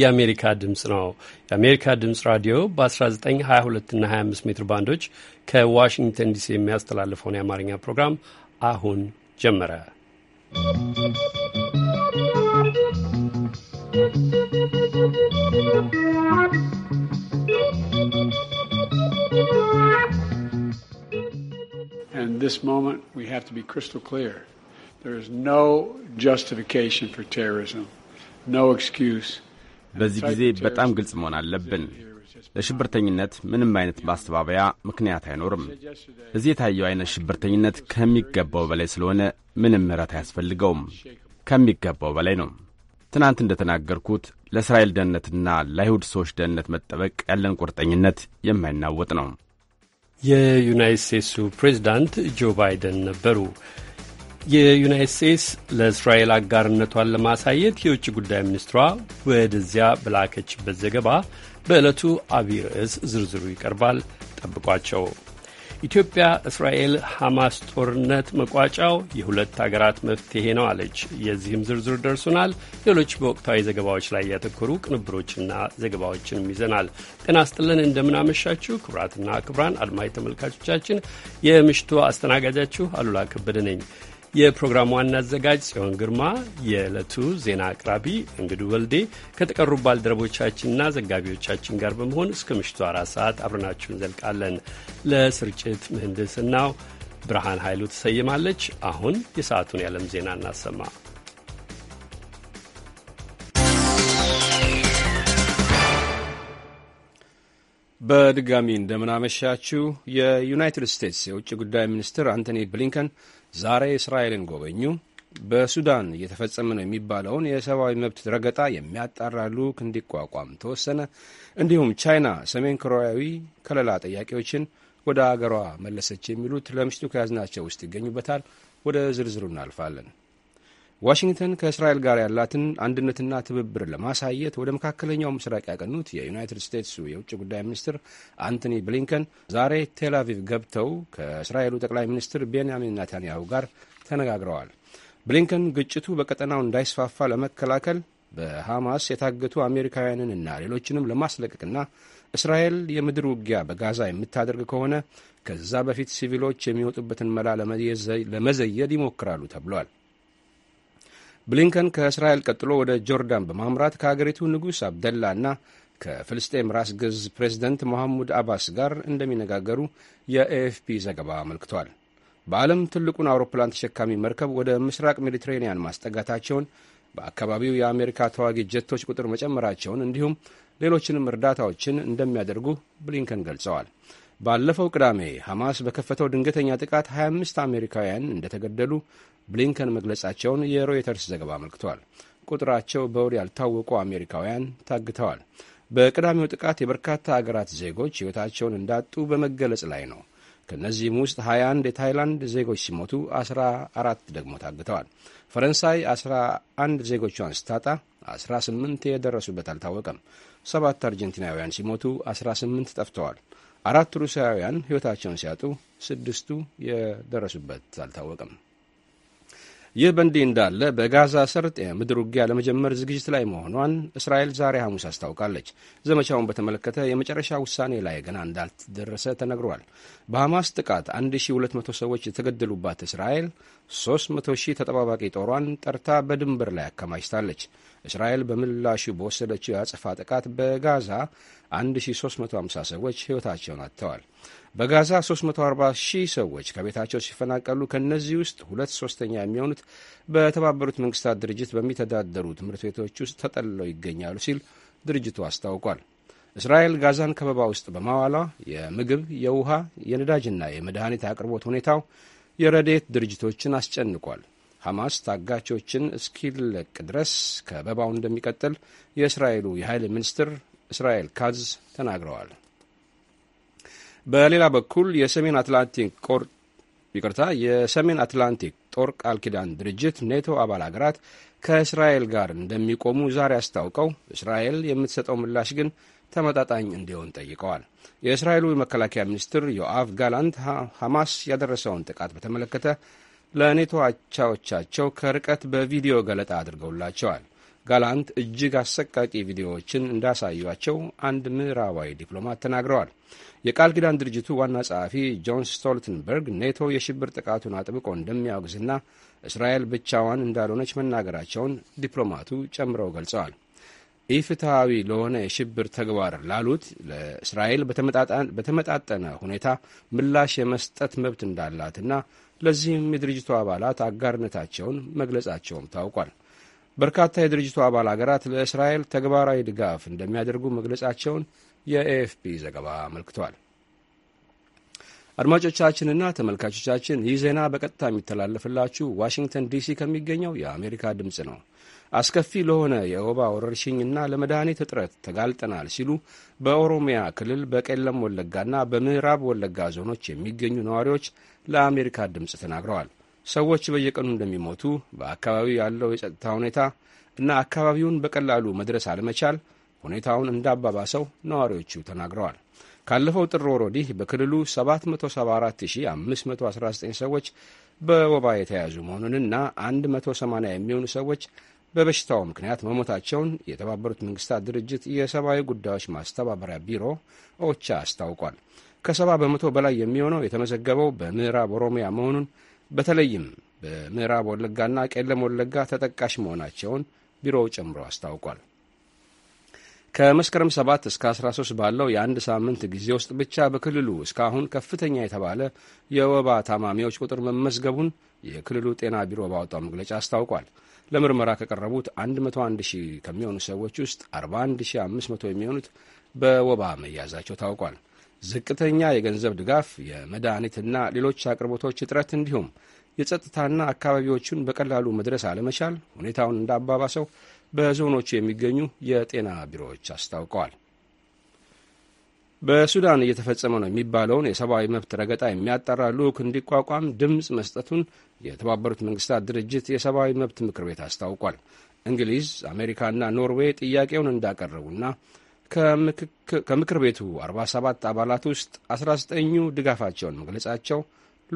የአሜሪካ ድምፅ ነው። የአሜሪካ ድምፅ ራዲዮ በ1922 እና 25 ሜትር ባንዶች ከዋሽንግተን ዲሲ የሚያስተላልፈውን የአማርኛ ፕሮግራም አሁን ጀመረ። And this moment, we have to be crystal clear. There is no justification for terrorism, no excuse. በዚህ ጊዜ በጣም ግልጽ መሆን አለብን። ለሽብርተኝነት ምንም አይነት ማስተባበያ ምክንያት አይኖርም። እዚህ የታየው አይነት ሽብርተኝነት ከሚገባው በላይ ስለሆነ ምንም ምረት አያስፈልገውም። ከሚገባው በላይ ነው። ትናንት እንደተናገርኩት ለእስራኤል ደህንነትና ለአይሁድ ሰዎች ደህንነት መጠበቅ ያለን ቁርጠኝነት የማይናወጥ ነው። የዩናይት ስቴትሱ ፕሬዚዳንት ጆ ባይደን ነበሩ። የዩናይት ስቴትስ ለእስራኤል አጋርነቷን ለማሳየት የውጭ ጉዳይ ሚኒስትሯ ወደዚያ በላከችበት ዘገባ በዕለቱ አብይ ርዕስ ዝርዝሩ ይቀርባል። ጠብቋቸው። ኢትዮጵያ እስራኤል ሐማስ ጦርነት መቋጫው የሁለት አገራት መፍትሄ ነው አለች። የዚህም ዝርዝር ደርሶናል። ሌሎች በወቅታዊ ዘገባዎች ላይ ያተኮሩ ቅንብሮችና ዘገባዎችንም ይዘናል። ጤና ስጥልን፣ እንደምናመሻችሁ ክቡራትና ክቡራን አድማጭ ተመልካቾቻችን፣ የምሽቱ አስተናጋጃችሁ አሉላ ከበደ ነኝ። የፕሮግራሙ ዋና አዘጋጅ ጽዮን ግርማ፣ የዕለቱ ዜና አቅራቢ እንግዱ ወልዴ ከተቀሩ ባልደረቦቻችንና ዘጋቢዎቻችን ጋር በመሆን እስከ ምሽቱ አራት ሰዓት አብረናችሁ እንዘልቃለን። ለስርጭት ምህንድስናው ብርሃን ኃይሉ ትሰየማለች። አሁን የሰዓቱን የዓለም ዜና እናሰማ። በድጋሚ እንደምናመሻችሁ። የዩናይትድ ስቴትስ የውጭ ጉዳይ ሚኒስትር አንቶኒ ብሊንከን ዛሬ እስራኤልን ጎበኙ። በሱዳን እየተፈጸመ ነው የሚባለውን የሰብአዊ መብት ረገጣ የሚያጣራ ልዑክ እንዲቋቋም ተወሰነ። እንዲሁም ቻይና ሰሜን ኮሪያዊ ከለላ ጠያቂዎችን ወደ አገሯ መለሰች። የሚሉት ለምሽቱ ከያዝናቸው ውስጥ ይገኙበታል። ወደ ዝርዝሩ እናልፋለን። ዋሽንግተን ከእስራኤል ጋር ያላትን አንድነትና ትብብር ለማሳየት ወደ መካከለኛው ምስራቅ ያቀኑት የዩናይትድ ስቴትሱ የውጭ ጉዳይ ሚኒስትር አንቶኒ ብሊንከን ዛሬ ቴል አቪቭ ገብተው ከእስራኤሉ ጠቅላይ ሚኒስትር ቤንያሚን ናታንያሁ ጋር ተነጋግረዋል። ብሊንከን ግጭቱ በቀጠናው እንዳይስፋፋ ለመከላከል በሐማስ የታገቱ አሜሪካውያንንና ሌሎችንም ለማስለቀቅና እስራኤል የምድር ውጊያ በጋዛ የምታደርግ ከሆነ ከዛ በፊት ሲቪሎች የሚወጡበትን መላ ለመዘየድ ይሞክራሉ ተብሏል። ብሊንከን ከእስራኤል ቀጥሎ ወደ ጆርዳን በማምራት ከሀገሪቱ ንጉሥ አብደላ እና ከፍልስጤም ራስ ገዝ ፕሬዚደንት መሐሙድ አባስ ጋር እንደሚነጋገሩ የኤኤፍፒ ዘገባ አመልክቷል። በዓለም ትልቁን አውሮፕላን ተሸካሚ መርከብ ወደ ምስራቅ ሜዲትሬንያን ማስጠጋታቸውን፣ በአካባቢው የአሜሪካ ተዋጊ ጀቶች ቁጥር መጨመራቸውን እንዲሁም ሌሎችንም እርዳታዎችን እንደሚያደርጉ ብሊንከን ገልጸዋል። ባለፈው ቅዳሜ ሐማስ በከፈተው ድንገተኛ ጥቃት 25 አሜሪካውያን እንደተገደሉ ብሊንከን መግለጻቸውን የሮይተርስ ዘገባ አመልክቷል። ቁጥራቸው በውል ያልታወቁ አሜሪካውያን ታግተዋል። በቅዳሜው ጥቃት የበርካታ አገራት ዜጎች ሕይወታቸውን እንዳጡ በመገለጽ ላይ ነው። ከእነዚህም ውስጥ 21 የታይላንድ ዜጎች ሲሞቱ 14 ደግሞ ታግተዋል። ፈረንሳይ 11 ዜጎቿን ስታጣ 18 የደረሱበት አልታወቀም። ሰባት አርጀንቲናውያን ሲሞቱ 18 ጠፍተዋል። አራት ሩሲያውያን ሕይወታቸውን ሲያጡ፣ ስድስቱ የደረሱበት አልታወቀም። ይህ በእንዲህ እንዳለ በጋዛ ሰርጥ የምድር ውጊያ ለመጀመር ዝግጅት ላይ መሆኗን እስራኤል ዛሬ ሐሙስ አስታውቃለች። ዘመቻውን በተመለከተ የመጨረሻ ውሳኔ ላይ ገና እንዳልተደረሰ ተነግሯል። በሐማስ ጥቃት 1200 ሰዎች የተገደሉባት እስራኤል 300 ሺህ ተጠባባቂ ጦሯን ጠርታ በድንበር ላይ አከማችታለች። እስራኤል በምላሹ በወሰደችው የአጸፋ ጥቃት በጋዛ 1350 ሰዎች ሕይወታቸውን አጥተዋል። በጋዛ 340 ሺህ ሰዎች ከቤታቸው ሲፈናቀሉ ከእነዚህ ውስጥ ሁለት ሶስተኛ የሚሆኑት በተባበሩት መንግስታት ድርጅት በሚተዳደሩ ትምህርት ቤቶች ውስጥ ተጠልለው ይገኛሉ ሲል ድርጅቱ አስታውቋል። እስራኤል ጋዛን ከበባ ውስጥ በማዋሏ የምግብ፣ የውሃ፣ የነዳጅና የመድኃኒት አቅርቦት ሁኔታው የረድኤት ድርጅቶችን አስጨንቋል። ሐማስ ታጋቾችን እስኪለቅ ድረስ ከበባው እንደሚቀጥል የእስራኤሉ የኃይል ሚኒስትር እስራኤል ካዝ ተናግረዋል። በሌላ በኩል የሰሜን አትላንቲክ ቆር ይቅርታ የሰሜን አትላንቲክ ጦር ቃል ኪዳን ድርጅት ኔቶ አባል አገራት ከእስራኤል ጋር እንደሚቆሙ ዛሬ አስታውቀው እስራኤል የምትሰጠው ምላሽ ግን ተመጣጣኝ እንዲሆን ጠይቀዋል። የእስራኤሉ የመከላከያ ሚኒስትር ዮአቭ ጋላንት ሐማስ ያደረሰውን ጥቃት በተመለከተ ለኔቶ አቻዎቻቸው ከርቀት በቪዲዮ ገለጣ አድርገውላቸዋል። ጋላንት እጅግ አሰቃቂ ቪዲዮዎችን እንዳሳዩቸው አንድ ምዕራባዊ ዲፕሎማት ተናግረዋል። የቃል ኪዳን ድርጅቱ ዋና ጸሐፊ ጆን ስቶልተንበርግ ኔቶ የሽብር ጥቃቱን አጥብቆ እንደሚያወግዝና እስራኤል ብቻዋን እንዳልሆነች መናገራቸውን ዲፕሎማቱ ጨምረው ገልጸዋል። ኢፍትሐዊ ለሆነ የሽብር ተግባር ላሉት ለእስራኤል በተመጣጠነ ሁኔታ ምላሽ የመስጠት መብት እንዳላትና ለዚህም የድርጅቱ አባላት አጋርነታቸውን መግለጻቸውም ታውቋል። በርካታ የድርጅቱ አባል አገራት ለእስራኤል ተግባራዊ ድጋፍ እንደሚያደርጉ መግለጻቸውን የኤኤፍፒ ዘገባ አመልክቷል። አድማጮቻችንና ተመልካቾቻችን ይህ ዜና በቀጥታ የሚተላለፍላችሁ ዋሽንግተን ዲሲ ከሚገኘው የአሜሪካ ድምፅ ነው። አስከፊ ለሆነ የወባ ወረርሽኝና ለመድኃኒት እጥረት ተጋልጠናል ሲሉ በኦሮሚያ ክልል በቄለም ወለጋና በምዕራብ ወለጋ ዞኖች የሚገኙ ነዋሪዎች ለአሜሪካ ድምፅ ተናግረዋል። ሰዎች በየቀኑ እንደሚሞቱ፣ በአካባቢው ያለው የጸጥታ ሁኔታ እና አካባቢውን በቀላሉ መድረስ አለመቻል ሁኔታውን እንዳባባሰው ነዋሪዎቹ ተናግረዋል። ካለፈው ጥር ወር ወዲህ በክልሉ 774519 ሰዎች በወባ የተያዙ መሆኑንና 180 የሚሆኑ ሰዎች በበሽታው ምክንያት መሞታቸውን የተባበሩት መንግስታት ድርጅት የሰብአዊ ጉዳዮች ማስተባበሪያ ቢሮ ኦቻ አስታውቋል። በመቶ በላይ የሚሆነው የተመዘገበው በምዕራብ ኦሮሚያ መሆኑን በተለይም በምዕራብ ወለጋና ቄለም ወለጋ ተጠቃሽ መሆናቸውን ቢሮው ጨምሮ አስታውቋል። ከመስከረም 7 እስከ 13 ባለው የአንድ ሳምንት ጊዜ ውስጥ ብቻ በክልሉ እስካሁን ከፍተኛ የተባለ የወባ ታማሚዎች ቁጥር መመዝገቡን የክልሉ ጤና ቢሮ ባወጣው መግለጫ አስታውቋል። ለምርመራ ከቀረቡት 101 ሺህ ከሚሆኑ ሰዎች ውስጥ 41500 የሚሆኑት በወባ መያዛቸው ታውቋል። ዝቅተኛ የገንዘብ ድጋፍ፣ የመድኃኒትና ሌሎች አቅርቦቶች እጥረት እንዲሁም የጸጥታና አካባቢዎቹን በቀላሉ መድረስ አለመቻል ሁኔታውን እንዳባባሰው በዞኖቹ የሚገኙ የጤና ቢሮዎች አስታውቀዋል። በሱዳን እየተፈጸመ ነው የሚባለውን የሰብአዊ መብት ረገጣ የሚያጠራ ልዑክ እንዲቋቋም ድምፅ መስጠቱን የተባበሩት መንግስታት ድርጅት የሰብአዊ መብት ምክር ቤት አስታውቋል። እንግሊዝ፣ አሜሪካና ኖርዌይ ጥያቄውን እንዳቀረቡና ከምክር ቤቱ 47 አባላት ውስጥ 19ኙ ድጋፋቸውን መግለጻቸው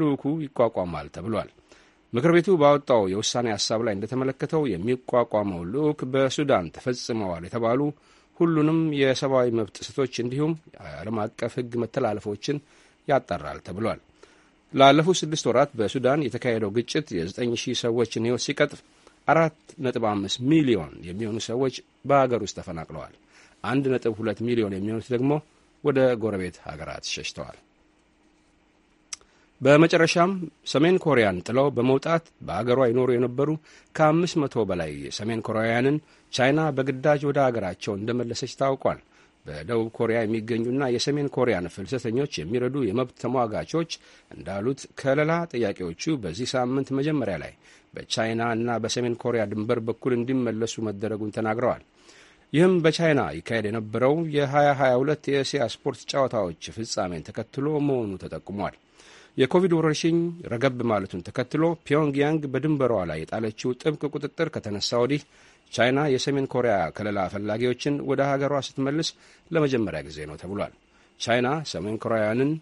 ልዑኩ ይቋቋማል ተብሏል። ምክር ቤቱ ባወጣው የውሳኔ ሀሳብ ላይ እንደተመለከተው የሚቋቋመው ልዑክ በሱዳን ተፈጽመዋል የተባሉ ሁሉንም የሰብአዊ መብት ጥሰቶች እንዲሁም የዓለም አቀፍ ሕግ መተላለፎችን ያጣራል ተብሏል። ላለፉት ስድስት ወራት በሱዳን የተካሄደው ግጭት የ9,000 ሰዎችን ሕይወት ሲቀጥፍ 4.5 ሚሊዮን የሚሆኑ ሰዎች በሀገር ውስጥ ተፈናቅለዋል። አንድ ነጥብ ሁለት ሚሊዮን የሚሆኑት ደግሞ ወደ ጎረቤት ሀገራት ሸሽተዋል። በመጨረሻም ሰሜን ኮሪያን ጥለው በመውጣት በአገሯ ይኖሩ የነበሩ ከአምስት መቶ በላይ ሰሜን ኮሪያውያንን ቻይና በግዳጅ ወደ አገራቸው እንደመለሰች ታውቋል። በደቡብ ኮሪያ የሚገኙና የሰሜን ኮሪያን ፍልሰተኞች የሚረዱ የመብት ተሟጋቾች እንዳሉት ከለላ ጥያቄዎቹ በዚህ ሳምንት መጀመሪያ ላይ በቻይና እና በሰሜን ኮሪያ ድንበር በኩል እንዲመለሱ መደረጉን ተናግረዋል። ይህም በቻይና ይካሄድ የነበረው የ2022 የእስያ ስፖርት ጨዋታዎች ፍጻሜን ተከትሎ መሆኑ ተጠቁሟል። የኮቪድ ወረርሽኝ ረገብ ማለቱን ተከትሎ ፒዮንግያንግ በድንበሯ ላይ የጣለችው ጥብቅ ቁጥጥር ከተነሳ ወዲህ ቻይና የሰሜን ኮሪያ ከለላ ፈላጊዎችን ወደ ሀገሯ ስትመልስ ለመጀመሪያ ጊዜ ነው ተብሏል። ቻይና ሰሜን ኮሪያውያንን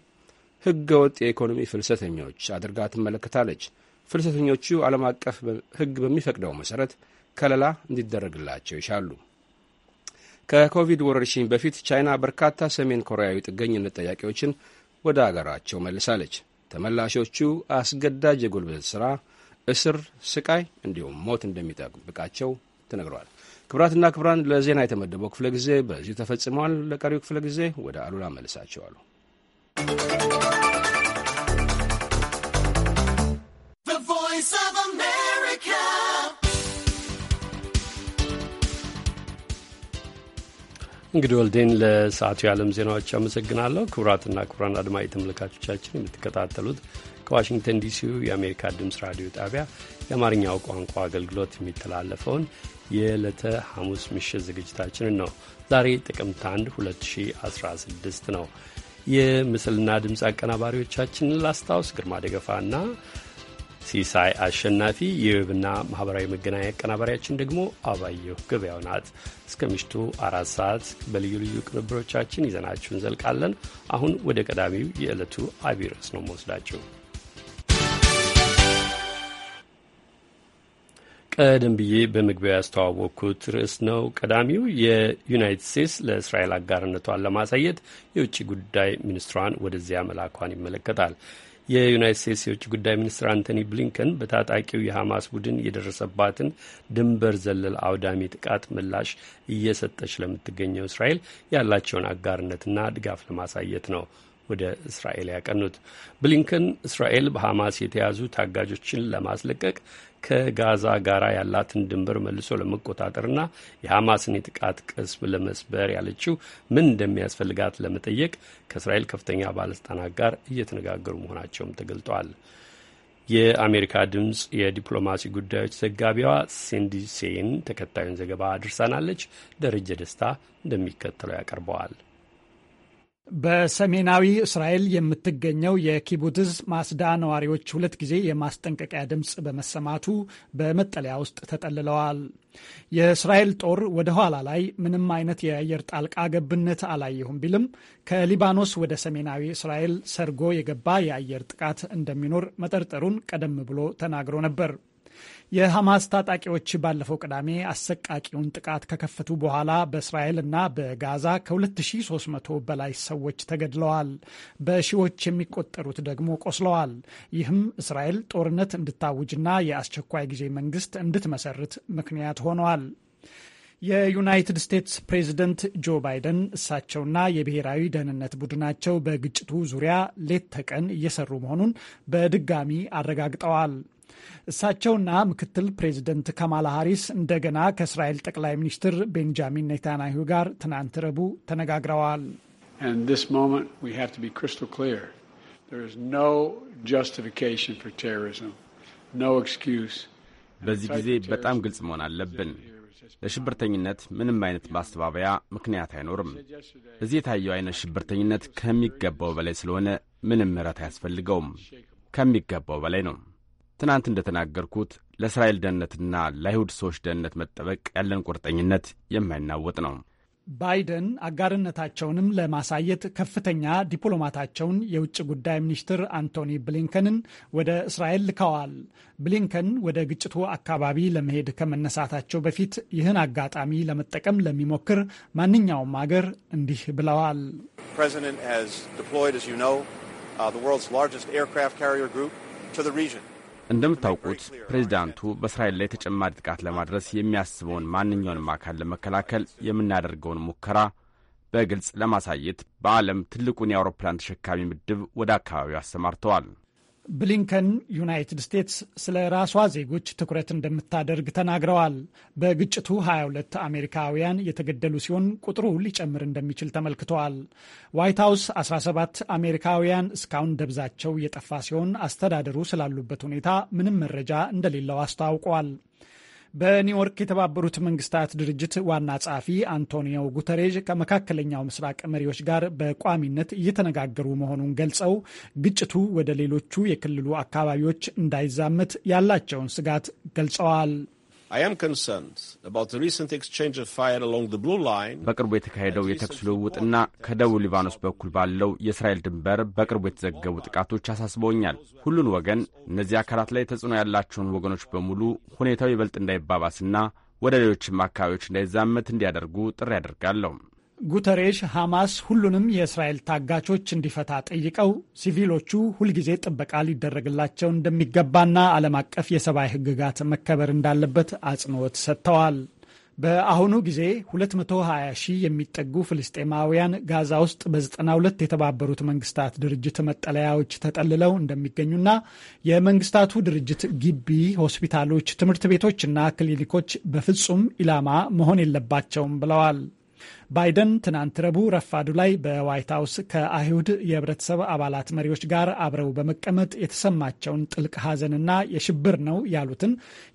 ሕገ ወጥ የኢኮኖሚ ፍልሰተኞች አድርጋ ትመለከታለች። ፍልሰተኞቹ ዓለም አቀፍ ሕግ በሚፈቅደው መሠረት ከለላ እንዲደረግላቸው ይሻሉ። ከኮቪድ ወረርሽኝ በፊት ቻይና በርካታ ሰሜን ኮሪያዊ ጥገኝነት ጠያቂዎችን ወደ አገራቸው መልሳለች። ተመላሾቹ አስገዳጅ የጉልበት ሥራ፣ እስር፣ ስቃይ እንዲሁም ሞት እንደሚጠብቃቸው ተነግረዋል። ክብራትና ክብራን ለዜና የተመደበው ክፍለ ጊዜ በዚሁ ተፈጽመዋል። ለቀሪው ክፍለ ጊዜ ወደ አሉላ መልሳቸዋሉ። እንግዲህ ወልዴን ለሰዓቱ የዓለም ዜናዎች አመሰግናለሁ። ክቡራትና ክቡራን አድማጭ ተመልካቾቻችን የምትከታተሉት ከዋሽንግተን ዲሲው የአሜሪካ ድምፅ ራዲዮ ጣቢያ የአማርኛው ቋንቋ አገልግሎት የሚተላለፈውን የዕለተ ሐሙስ ምሽት ዝግጅታችንን ነው። ዛሬ ጥቅምት 1 2016 ነው። የምስልና ድምፅ አቀናባሪዎቻችንን ላስታውስ ግርማ ደገፋና ሲሳይ አሸናፊ፣ የዌብና ማህበራዊ መገናኛ አቀናባሪያችን ደግሞ አባየሁ ገበያው ናት። እስከ ምሽቱ አራት ሰዓት በልዩ ልዩ ቅንብሮቻችን ይዘናችሁ እንዘልቃለን። አሁን ወደ ቀዳሚው የዕለቱ አብይ ርዕስ ነው መወስዳችሁ። ቀደም ብዬ በመግቢያው ያስተዋወቅኩት ርዕስ ነው። ቀዳሚው የዩናይትድ ስቴትስ ለእስራኤል አጋርነቷን ለማሳየት የውጭ ጉዳይ ሚኒስትሯን ወደዚያ መላኳን ይመለከታል። የዩናይት ስቴትስ የውጭ ጉዳይ ሚኒስትር አንቶኒ ብሊንከን በታጣቂው የሐማስ ቡድን የደረሰባትን ድንበር ዘለል አውዳሚ ጥቃት ምላሽ እየሰጠች ለምትገኘው እስራኤል ያላቸውን አጋርነትና ድጋፍ ለማሳየት ነው ወደ እስራኤል ያቀኑት። ብሊንከን እስራኤል በሐማስ የተያዙ ታጋጆችን ለማስለቀቅ ከጋዛ ጋር ያላትን ድንበር መልሶ ለመቆጣጠርና የሐማስን የጥቃት ቅስም ለመስበር ያለችው ምን እንደሚያስፈልጋት ለመጠየቅ ከእስራኤል ከፍተኛ ባለስልጣናት ጋር እየተነጋገሩ መሆናቸውም ተገልጠዋል። የአሜሪካ ድምፅ የዲፕሎማሲ ጉዳዮች ዘጋቢዋ ሲንዲ ሴን ተከታዩን ዘገባ አድርሳናለች። ደረጀ ደስታ እንደሚከተለው ያቀርበዋል። በሰሜናዊ እስራኤል የምትገኘው የኪቡትዝ ማስዳ ነዋሪዎች ሁለት ጊዜ የማስጠንቀቂያ ድምፅ በመሰማቱ በመጠለያ ውስጥ ተጠልለዋል። የእስራኤል ጦር ወደ ኋላ ላይ ምንም አይነት የአየር ጣልቃ ገብነት አላየሁም ቢልም ከሊባኖስ ወደ ሰሜናዊ እስራኤል ሰርጎ የገባ የአየር ጥቃት እንደሚኖር መጠርጠሩን ቀደም ብሎ ተናግሮ ነበር። የሐማስ ታጣቂዎች ባለፈው ቅዳሜ አሰቃቂውን ጥቃት ከከፈቱ በኋላ በእስራኤል እና በጋዛ ከ2300 በላይ ሰዎች ተገድለዋል፣ በሺዎች የሚቆጠሩት ደግሞ ቆስለዋል። ይህም እስራኤል ጦርነት እንድታውጅና የአስቸኳይ ጊዜ መንግስት እንድትመሰርት ምክንያት ሆነዋል። የዩናይትድ ስቴትስ ፕሬዝደንት ጆ ባይደን እሳቸውና የብሔራዊ ደህንነት ቡድናቸው በግጭቱ ዙሪያ ሌት ተቀን እየሰሩ መሆኑን በድጋሚ አረጋግጠዋል። እሳቸውና ምክትል ፕሬዚደንት ካማላ ሃሪስ እንደገና ከእስራኤል ጠቅላይ ሚኒስትር ቤንጃሚን ኔታንያሁ ጋር ትናንት ረቡዕ ተነጋግረዋል። በዚህ ጊዜ በጣም ግልጽ መሆን አለብን። ለሽብርተኝነት ምንም አይነት ማስተባበያ ምክንያት አይኖርም። እዚህ የታየው አይነት ሽብርተኝነት ከሚገባው በላይ ስለሆነ ምንም ምሕረት አያስፈልገውም። ከሚገባው በላይ ነው። ትናንት እንደተናገርኩት ለእስራኤል ደህንነትና ለአይሁድ ሰዎች ደህንነት መጠበቅ ያለን ቁርጠኝነት የማይናወጥ ነው። ባይደን አጋርነታቸውንም ለማሳየት ከፍተኛ ዲፕሎማታቸውን የውጭ ጉዳይ ሚኒስትር አንቶኒ ብሊንከንን ወደ እስራኤል ልከዋል። ብሊንከን ወደ ግጭቱ አካባቢ ለመሄድ ከመነሳታቸው በፊት ይህን አጋጣሚ ለመጠቀም ለሚሞክር ማንኛውም አገር እንዲህ ብለዋል። ፕሬዚደንት እንደምታውቁት ፕሬዚዳንቱ በእስራኤል ላይ ተጨማሪ ጥቃት ለማድረስ የሚያስበውን ማንኛውንም አካል ለመከላከል የምናደርገውን ሙከራ በግልጽ ለማሳየት በዓለም ትልቁን የአውሮፕላን ተሸካሚ ምድብ ወደ አካባቢው አሰማርተዋል። ብሊንከን ዩናይትድ ስቴትስ ስለ ራሷ ዜጎች ትኩረት እንደምታደርግ ተናግረዋል። በግጭቱ 22 አሜሪካውያን የተገደሉ ሲሆን ቁጥሩ ሊጨምር እንደሚችል ተመልክተዋል። ዋይት ሀውስ 17 አሜሪካውያን እስካሁን ደብዛቸው የጠፋ ሲሆን አስተዳደሩ ስላሉበት ሁኔታ ምንም መረጃ እንደሌለው አስታውቋል። በኒውዮርክ የተባበሩት መንግስታት ድርጅት ዋና ጸሐፊ አንቶኒዮ ጉተሬዥ ከመካከለኛው ምስራቅ መሪዎች ጋር በቋሚነት እየተነጋገሩ መሆኑን ገልጸው ግጭቱ ወደ ሌሎቹ የክልሉ አካባቢዎች እንዳይዛመት ያላቸውን ስጋት ገልጸዋል። በቅርቡ የተካሄደው የተኩስ ልውውጥና ከደቡብ ሊባኖስ በኩል ባለው የእስራኤል ድንበር በቅርቡ የተዘገቡ ጥቃቶች አሳስበውኛል። ሁሉን ወገን እነዚህ አካላት ላይ ተጽዕኖ ያላቸውን ወገኖች በሙሉ ሁኔታው ይበልጥ እንዳይባባስና ወደ ሌሎችም አካባቢዎች እንዳይዛመት እንዲያደርጉ ጥሪ አደርጋለሁ። ጉተሬሽ ሐማስ ሁሉንም የእስራኤል ታጋቾች እንዲፈታ ጠይቀው ሲቪሎቹ ሁልጊዜ ጥበቃ ሊደረግላቸው እንደሚገባና ዓለም አቀፍ የሰብአዊ ሕግጋት መከበር እንዳለበት አጽንኦት ሰጥተዋል። በአሁኑ ጊዜ 220 ሺህ የሚጠጉ ፍልስጤማውያን ጋዛ ውስጥ በ92 የተባበሩት መንግስታት ድርጅት መጠለያዎች ተጠልለው እንደሚገኙና የመንግስታቱ ድርጅት ግቢ፣ ሆስፒታሎች፣ ትምህርት ቤቶችና ክሊኒኮች በፍጹም ኢላማ መሆን የለባቸውም ብለዋል። ባይደን ትናንት ረቡዕ ረፋዱ ላይ በዋይት ሀውስ ከአይሁድ የህብረተሰብ አባላት መሪዎች ጋር አብረው በመቀመጥ የተሰማቸውን ጥልቅ ሐዘንና የሽብር ነው ያሉትን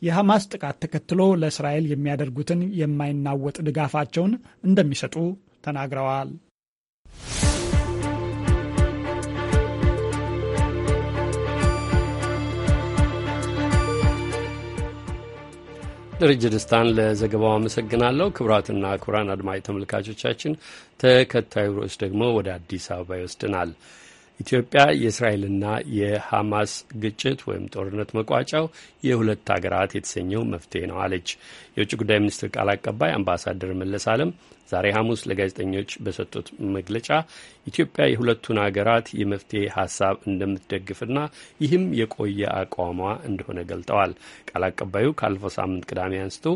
የሐማስ ጥቃት ተከትሎ ለእስራኤል የሚያደርጉትን የማይናወጥ ድጋፋቸውን እንደሚሰጡ ተናግረዋል። ድርጅ ደስታን ለዘገባው አመሰግናለሁ። ክቡራትና ክቡራን አድማጭ ተመልካቾቻችን ተከታዩ ርዕስ ደግሞ ወደ አዲስ አበባ ይወስድናል። ኢትዮጵያ የእስራኤልና የሐማስ ግጭት ወይም ጦርነት መቋጫው የሁለት ሀገራት የተሰኘው መፍትሄ ነው አለች። የውጭ ጉዳይ ሚኒስትር ቃል አቀባይ አምባሳደር መለስ አለም ዛሬ ሐሙስ ለጋዜጠኞች በሰጡት መግለጫ ኢትዮጵያ የሁለቱን አገራት የመፍትሄ ሀሳብ እንደምትደግፍና ይህም የቆየ አቋሟ እንደሆነ ገልጠዋል። ቃል አቀባዩ ካለፈው ሳምንት ቅዳሜ አንስቶ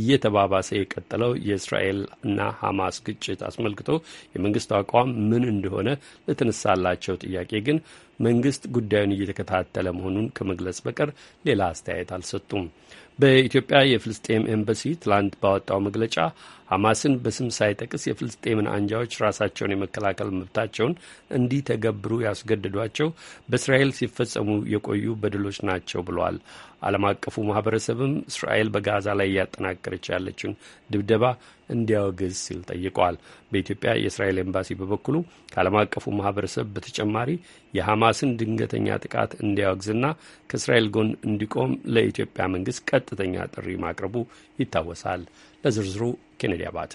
እየተባባሰ የቀጠለው የእስራኤልና ሐማስ ግጭት አስመልክቶ የመንግስቱ አቋም ምን እንደሆነ ለተነሳላቸው ጥያቄ ግን መንግስት ጉዳዩን እየተከታተለ መሆኑን ከመግለጽ በቀር ሌላ አስተያየት አልሰጡም። በኢትዮጵያ የፍልስጤም ኤምባሲ ትላንት ባወጣው መግለጫ ሐማስን በስም ሳይጠቅስ የፍልስጤምን አንጃዎች ራሳቸውን የመከላከል መብታቸውን እንዲተገብሩ ያስገደዷቸው በእስራኤል ሲፈጸሙ የቆዩ በድሎች ናቸው ብሏል። ዓለም አቀፉ ማህበረሰብም እስራኤል በጋዛ ላይ እያጠናቀረች ያለችውን ድብደባ እንዲያወግዝ ሲል ጠይቋል። በኢትዮጵያ የእስራኤል ኤምባሲ በበኩሉ ከዓለም አቀፉ ማህበረሰብ በተጨማሪ የሐማስን ድንገተኛ ጥቃት እንዲያወግዝና ከእስራኤል ጎን እንዲቆም ለኢትዮጵያ መንግስት ቀጥተኛ ጥሪ ማቅረቡ ይታወሳል። ለዝርዝሩ ኬኔዲ አባተ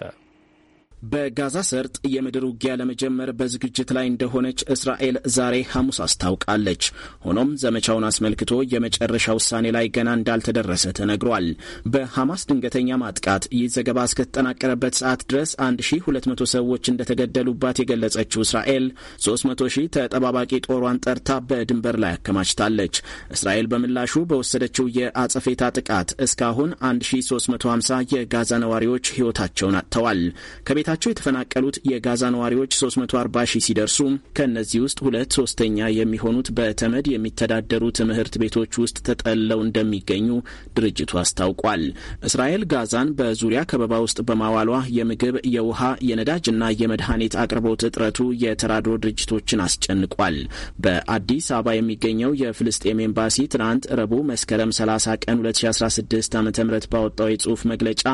በጋዛ ሰርጥ የምድር ውጊያ ለመጀመር በዝግጅት ላይ እንደሆነች እስራኤል ዛሬ ሐሙስ አስታውቃለች። ሆኖም ዘመቻውን አስመልክቶ የመጨረሻ ውሳኔ ላይ ገና እንዳልተደረሰ ተነግሯል። በሐማስ ድንገተኛ ማጥቃት ይህ ዘገባ እስከተጠናቀረበት ሰዓት ድረስ 1200 ሰዎች እንደተገደሉባት የገለጸችው እስራኤል 300 ሺህ ተጠባባቂ ጦሯን ጠርታ በድንበር ላይ አከማችታለች። እስራኤል በምላሹ በወሰደችው የአጸፌታ ጥቃት እስካሁን 1350 የጋዛ ነዋሪዎች ሕይወታቸውን አጥተዋል። ከቤታ ከቤታቸው የተፈናቀሉት የጋዛ ነዋሪዎች 340 ሺህ ሲደርሱ ከእነዚህ ውስጥ ሁለት ሶስተኛ የሚሆኑት በተመድ የሚተዳደሩ ትምህርት ቤቶች ውስጥ ተጠለው እንደሚገኙ ድርጅቱ አስታውቋል። እስራኤል ጋዛን በዙሪያ ከበባ ውስጥ በማዋሏ የምግብ፣ የውሃ፣ የነዳጅና የመድኃኒት አቅርቦት እጥረቱ የተራድሮ ድርጅቶችን አስጨንቋል። በአዲስ አበባ የሚገኘው የፍልስጤም ኤምባሲ ትናንት ረቡዕ መስከረም 30 ቀን 2016 ዓ ም ባወጣው የጽሑፍ መግለጫ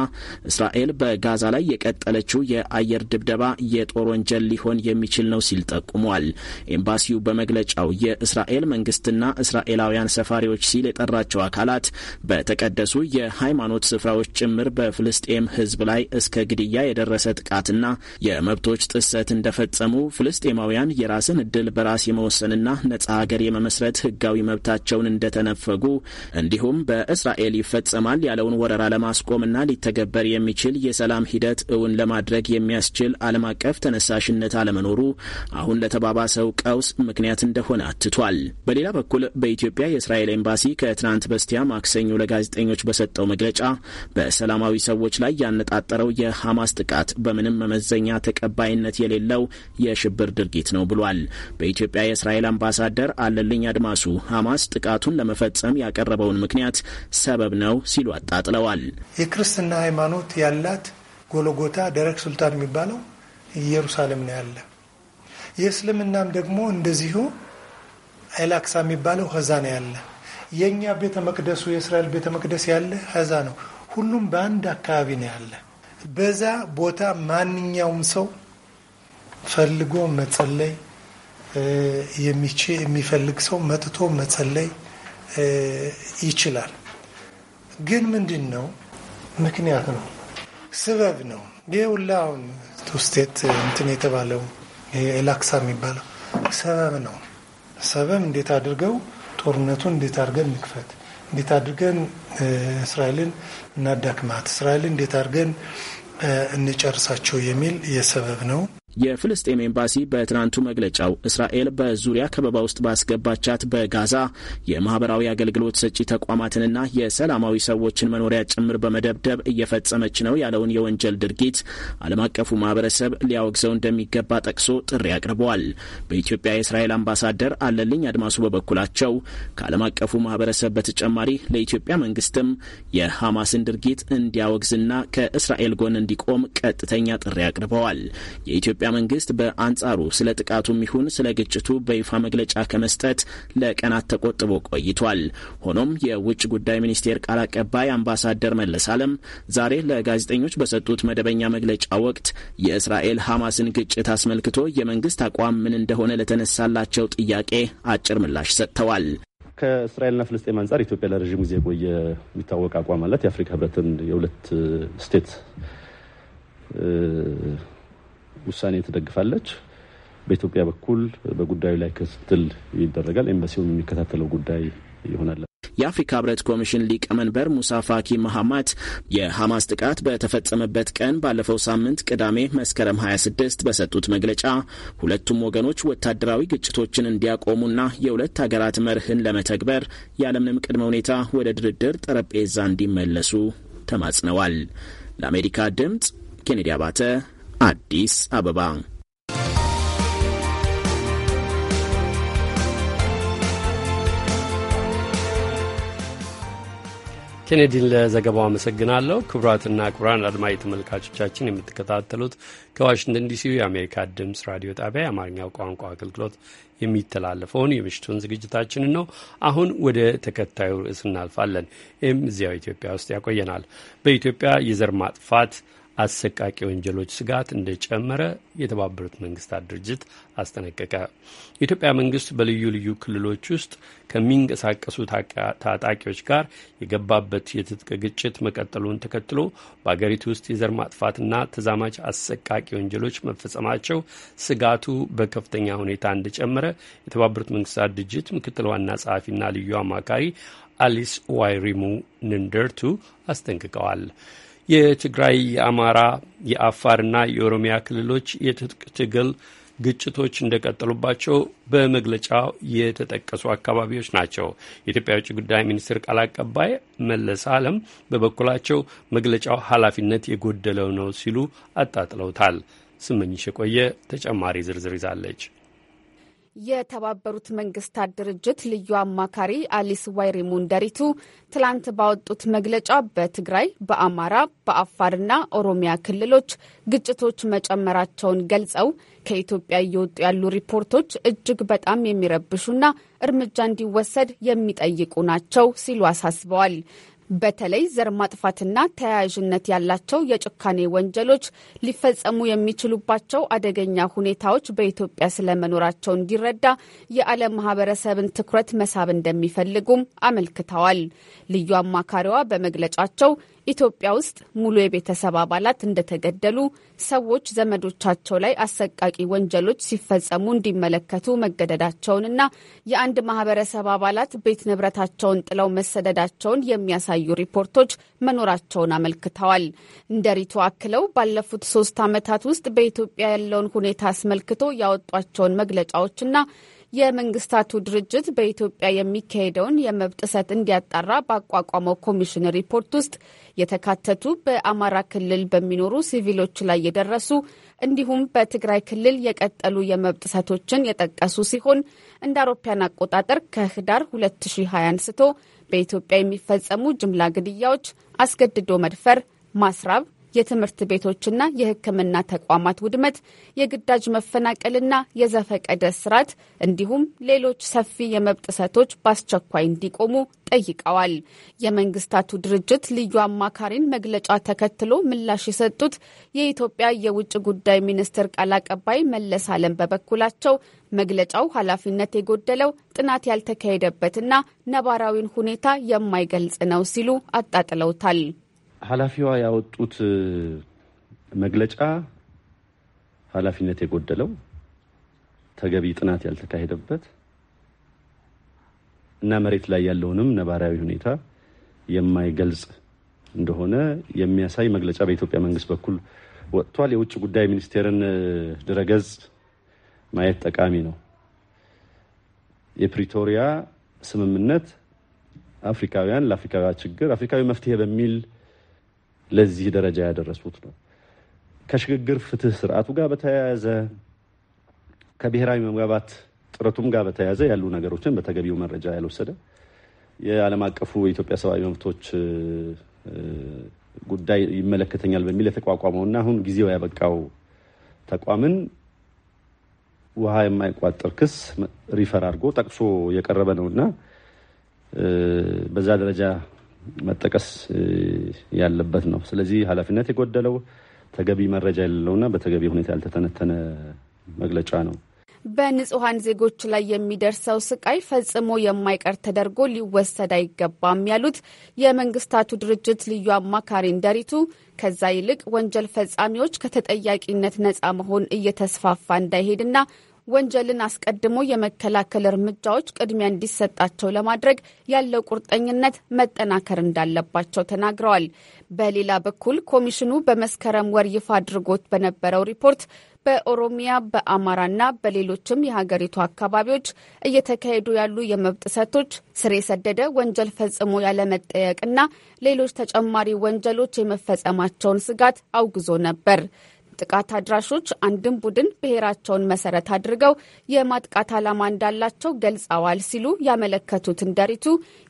እስራኤል በጋዛ ላይ የቀጠለችው የ የአየር ድብደባ የጦር ወንጀል ሊሆን የሚችል ነው ሲል ጠቁሟል። ኤምባሲው በመግለጫው የእስራኤል መንግስትና እስራኤላውያን ሰፋሪዎች ሲል የጠራቸው አካላት በተቀደሱ የሃይማኖት ስፍራዎች ጭምር በፍልስጤም ህዝብ ላይ እስከ ግድያ የደረሰ ጥቃትና የመብቶች ጥሰት እንደፈጸሙ ፍልስጤማውያን የራስን እድል በራስ የመወሰንና ነጻ ሀገር የመመስረት ህጋዊ መብታቸውን እንደተነፈጉ እንዲሁም በእስራኤል ይፈጸማል ያለውን ወረራ ለማስቆምና ሊተገበር የሚችል የሰላም ሂደት እውን ለማድረግ የሚያስችል ዓለም አቀፍ ተነሳሽነት አለመኖሩ አሁን ለተባባሰው ቀውስ ምክንያት እንደሆነ አትቷል። በሌላ በኩል በኢትዮጵያ የእስራኤል ኤምባሲ ከትናንት በስቲያ ማክሰኞ ለጋዜጠኞች በሰጠው መግለጫ በሰላማዊ ሰዎች ላይ ያነጣጠረው የሐማስ ጥቃት በምንም መመዘኛ ተቀባይነት የሌለው የሽብር ድርጊት ነው ብሏል። በኢትዮጵያ የእስራኤል አምባሳደር አለልኝ አድማሱ ሐማስ ጥቃቱን ለመፈጸም ያቀረበውን ምክንያት ሰበብ ነው ሲሉ አጣጥለዋል። የክርስትና ሃይማኖት ያላት ጎለጎታ ደረቅ ሱልጣን የሚባለው ኢየሩሳሌም ነው ያለ። የእስልምናም ደግሞ እንደዚሁ አይላክሳ የሚባለው ሀዛ ነው ያለ። የእኛ ቤተ መቅደሱ የእስራኤል ቤተ መቅደስ ያለ ሀዛ ነው። ሁሉም በአንድ አካባቢ ነው ያለ። በዛ ቦታ ማንኛውም ሰው ፈልጎ መጸለይ የሚፈልግ ሰው መጥቶ መጸለይ ይችላል። ግን ምንድን ነው ምክንያት ነው ስበብ ነው። ይህ ሁላ አሁን ውስቴት እንትን የተባለው ኤላክሳ የሚባለው ሰበብ ነው። ሰበብ እንዴት አድርገው ጦርነቱን እንዴት አድርገን ንክፈት፣ እንዴት አድርገን እስራኤልን እናዳክማት፣ እስራኤልን እንዴት አድርገን እንጨርሳቸው የሚል የሰበብ ነው። የፍልስጤም ኤምባሲ በትናንቱ መግለጫው እስራኤል በዙሪያ ከበባ ውስጥ ባስገባቻት በጋዛ የማህበራዊ አገልግሎት ሰጪ ተቋማትንና የሰላማዊ ሰዎችን መኖሪያ ጭምር በመደብደብ እየፈጸመች ነው ያለውን የወንጀል ድርጊት ዓለም አቀፉ ማህበረሰብ ሊያወግዘው እንደሚገባ ጠቅሶ ጥሪ አቅርበዋል። በኢትዮጵያ የእስራኤል አምባሳደር አለልኝ አድማሱ በበኩላቸው ከዓለም አቀፉ ማህበረሰብ በተጨማሪ ለኢትዮጵያ መንግስትም የሐማስን ድርጊት እንዲያወግዝና ከእስራኤል ጎን እንዲቆም ቀጥተኛ ጥሪ አቅርበዋል። የኢትዮጵያ መንግስት በአንጻሩ ስለ ጥቃቱም ይሁን ስለ ግጭቱ በይፋ መግለጫ ከመስጠት ለቀናት ተቆጥቦ ቆይቷል። ሆኖም የውጭ ጉዳይ ሚኒስቴር ቃል አቀባይ አምባሳደር መለስ አለም ዛሬ ለጋዜጠኞች በሰጡት መደበኛ መግለጫ ወቅት የእስራኤል ሐማስን ግጭት አስመልክቶ የመንግስት አቋም ምን እንደሆነ ለተነሳላቸው ጥያቄ አጭር ምላሽ ሰጥተዋል። ከእስራኤልና ፍልስጤም አንጻር ኢትዮጵያ ለረዥም ጊዜ የቆየ የሚታወቅ አቋም አላት። የአፍሪካ ህብረትን የሁለት ስቴት ውሳኔ ትደግፋለች። በኢትዮጵያ በኩል በጉዳዩ ላይ ክትትል ይደረጋል። ኤምባሲውም የሚከታተለው ጉዳይ ይሆናል። የአፍሪካ ህብረት ኮሚሽን ሊቀመንበር ሙሳ ፋኪ መሐማት የሐማስ ጥቃት በተፈጸመበት ቀን ባለፈው ሳምንት ቅዳሜ መስከረም 26 በሰጡት መግለጫ ሁለቱም ወገኖች ወታደራዊ ግጭቶችን እንዲያቆሙና የሁለት ሀገራት መርህን ለመተግበር ያለምንም ቅድመ ሁኔታ ወደ ድርድር ጠረጴዛ እንዲመለሱ ተማጽነዋል። ለአሜሪካ ድምፅ ኬኔዲ አባተ አዲስ አበባ። ኬኔዲን ለዘገባው አመሰግናለሁ። ክቡራትና ክቡራን አድማጭ ተመልካቾቻችን የምትከታተሉት ከዋሽንግተን ዲሲ የአሜሪካ ድምፅ ራዲዮ ጣቢያ የአማርኛው ቋንቋ አገልግሎት የሚተላለፈውን የምሽቱን ዝግጅታችንን ነው። አሁን ወደ ተከታዩ ርዕስ እናልፋለን። ይህም እዚያው ኢትዮጵያ ውስጥ ያቆየናል። በኢትዮጵያ የዘር ማጥፋት አሰቃቂ ወንጀሎች ስጋት እንደጨመረ የተባበሩት መንግስታት ድርጅት አስጠነቀቀ። የኢትዮጵያ መንግስት በልዩ ልዩ ክልሎች ውስጥ ከሚንቀሳቀሱ ታጣቂዎች ጋር የገባበት የትጥቅ ግጭት መቀጠሉን ተከትሎ በአገሪቱ ውስጥ የዘር ማጥፋትና ተዛማጅ አሰቃቂ ወንጀሎች መፈጸማቸው ስጋቱ በከፍተኛ ሁኔታ እንደጨመረ የተባበሩት መንግስታት ድርጅት ምክትል ዋና ጸሐፊና ልዩ አማካሪ አሊስ ዋይሪሙ ንንደርቱ አስጠንቅቀዋል። የትግራይ የአማራ የአፋርና የኦሮሚያ ክልሎች የትጥቅ ትግል ግጭቶች እንደቀጠሉባቸው በመግለጫው የተጠቀሱ አካባቢዎች ናቸው። የኢትዮጵያ የውጭ ጉዳይ ሚኒስትር ቃል አቀባይ መለስ አለም በበኩላቸው መግለጫው ኃላፊነት የጎደለው ነው ሲሉ አጣጥለውታል። ስመኝሽ የቆየ ተጨማሪ ዝርዝር ይዛለች። የተባበሩት መንግስታት ድርጅት ልዩ አማካሪ አሊስ ዋይሪሙ እንደሪቱ ትላንት ባወጡት መግለጫ በትግራይ፣ በአማራ፣ በአፋርና ኦሮሚያ ክልሎች ግጭቶች መጨመራቸውን ገልጸው ከኢትዮጵያ እየወጡ ያሉ ሪፖርቶች እጅግ በጣም የሚረብሹና እርምጃ እንዲወሰድ የሚጠይቁ ናቸው ሲሉ አሳስበዋል። በተለይ ዘር ማጥፋትና ተያያዥነት ያላቸው የጭካኔ ወንጀሎች ሊፈጸሙ የሚችሉባቸው አደገኛ ሁኔታዎች በኢትዮጵያ ስለመኖራቸው እንዲረዳ የዓለም ማህበረሰብን ትኩረት መሳብ እንደሚፈልጉም አመልክተዋል። ልዩ አማካሪዋ በመግለጫቸው ኢትዮጵያ ውስጥ ሙሉ የቤተሰብ አባላት እንደተገደሉ፣ ሰዎች ዘመዶቻቸው ላይ አሰቃቂ ወንጀሎች ሲፈጸሙ እንዲመለከቱ መገደዳቸውንና የአንድ ማህበረሰብ አባላት ቤት ንብረታቸውን ጥለው መሰደዳቸውን የሚያሳዩ ሪፖርቶች መኖራቸውን አመልክተዋል። ሪቱ አክለው ባለፉት ሶስት ዓመታት ውስጥ በኢትዮጵያ ያለውን ሁኔታ አስመልክቶ ያወጧቸውን መግለጫዎችና የመንግስታቱ ድርጅት በኢትዮጵያ የሚካሄደውን የመብት ጥሰት እንዲያጣራ ባቋቋመው ኮሚሽን ሪፖርት ውስጥ የተካተቱ በአማራ ክልል በሚኖሩ ሲቪሎች ላይ የደረሱ እንዲሁም በትግራይ ክልል የቀጠሉ የመብት ጥሰቶችን የጠቀሱ ሲሆን እንደ አውሮፓውያን አቆጣጠር ከህዳር 2020 አንስቶ በኢትዮጵያ የሚፈጸሙ ጅምላ ግድያዎች፣ አስገድዶ መድፈር፣ ማስራብ የትምህርት ቤቶችና የሕክምና ተቋማት ውድመት፣ የግዳጅ መፈናቀልና የዘፈቀደ ስርዓት እንዲሁም ሌሎች ሰፊ የመብት ጥሰቶች በአስቸኳይ እንዲቆሙ ጠይቀዋል። የመንግስታቱ ድርጅት ልዩ አማካሪን መግለጫ ተከትሎ ምላሽ የሰጡት የኢትዮጵያ የውጭ ጉዳይ ሚኒስትር ቃል አቀባይ መለስ አለም በበኩላቸው መግለጫው ኃላፊነት የጎደለው ጥናት ያልተካሄደበትና ነባራዊን ሁኔታ የማይገልጽ ነው ሲሉ አጣጥለውታል። ኃላፊዋ ያወጡት መግለጫ ኃላፊነት የጎደለው ተገቢ ጥናት ያልተካሄደበት እና መሬት ላይ ያለውንም ነባራዊ ሁኔታ የማይገልጽ እንደሆነ የሚያሳይ መግለጫ በኢትዮጵያ መንግስት በኩል ወጥቷል። የውጭ ጉዳይ ሚኒስቴርን ድረገጽ ማየት ጠቃሚ ነው። የፕሪቶሪያ ስምምነት አፍሪካውያን ለአፍሪካዊ ችግር አፍሪካዊ መፍትሄ በሚል ለዚህ ደረጃ ያደረሱት ነው። ከሽግግር ፍትህ ስርዓቱ ጋር በተያያዘ ከብሔራዊ መግባባት ጥረቱም ጋር በተያያዘ ያሉ ነገሮችን በተገቢው መረጃ ያልወሰደ የዓለም አቀፉ የኢትዮጵያ ሰብአዊ መብቶች ጉዳይ ይመለከተኛል በሚል የተቋቋመው እና አሁን ጊዜው ያበቃው ተቋምን ውሃ የማይቋጥር ክስ ሪፈር አድርጎ ጠቅሶ የቀረበ ነውና በዛ ደረጃ መጠቀስ ያለበት ነው። ስለዚህ ኃላፊነት የጎደለው ተገቢ መረጃ የሌለውና በተገቢ ሁኔታ ያልተተነተነ መግለጫ ነው። በንጹሐን ዜጎች ላይ የሚደርሰው ስቃይ ፈጽሞ የማይቀር ተደርጎ ሊወሰድ አይገባም ያሉት የመንግስታቱ ድርጅት ልዩ አማካሪ እንደሪቱ ከዛ ይልቅ ወንጀል ፈጻሚዎች ከተጠያቂነት ነጻ መሆን እየተስፋፋ እንዳይሄድና ወንጀልን አስቀድሞ የመከላከል እርምጃዎች ቅድሚያ እንዲሰጣቸው ለማድረግ ያለው ቁርጠኝነት መጠናከር እንዳለባቸው ተናግረዋል። በሌላ በኩል ኮሚሽኑ በመስከረም ወር ይፋ አድርጎት በነበረው ሪፖርት በኦሮሚያ በአማራና በሌሎችም የሀገሪቱ አካባቢዎች እየተካሄዱ ያሉ የመብት ጥሰቶች፣ ስር የሰደደ ወንጀል ፈጽሞ ያለመጠየቅና ሌሎች ተጨማሪ ወንጀሎች የመፈጸማቸውን ስጋት አውግዞ ነበር። ጥቃት አድራሾች አንድም ቡድን ብሔራቸውን መሰረት አድርገው የማጥቃት ዓላማ እንዳላቸው ገልጸዋል ሲሉ ያመለከቱት እንደሪቱ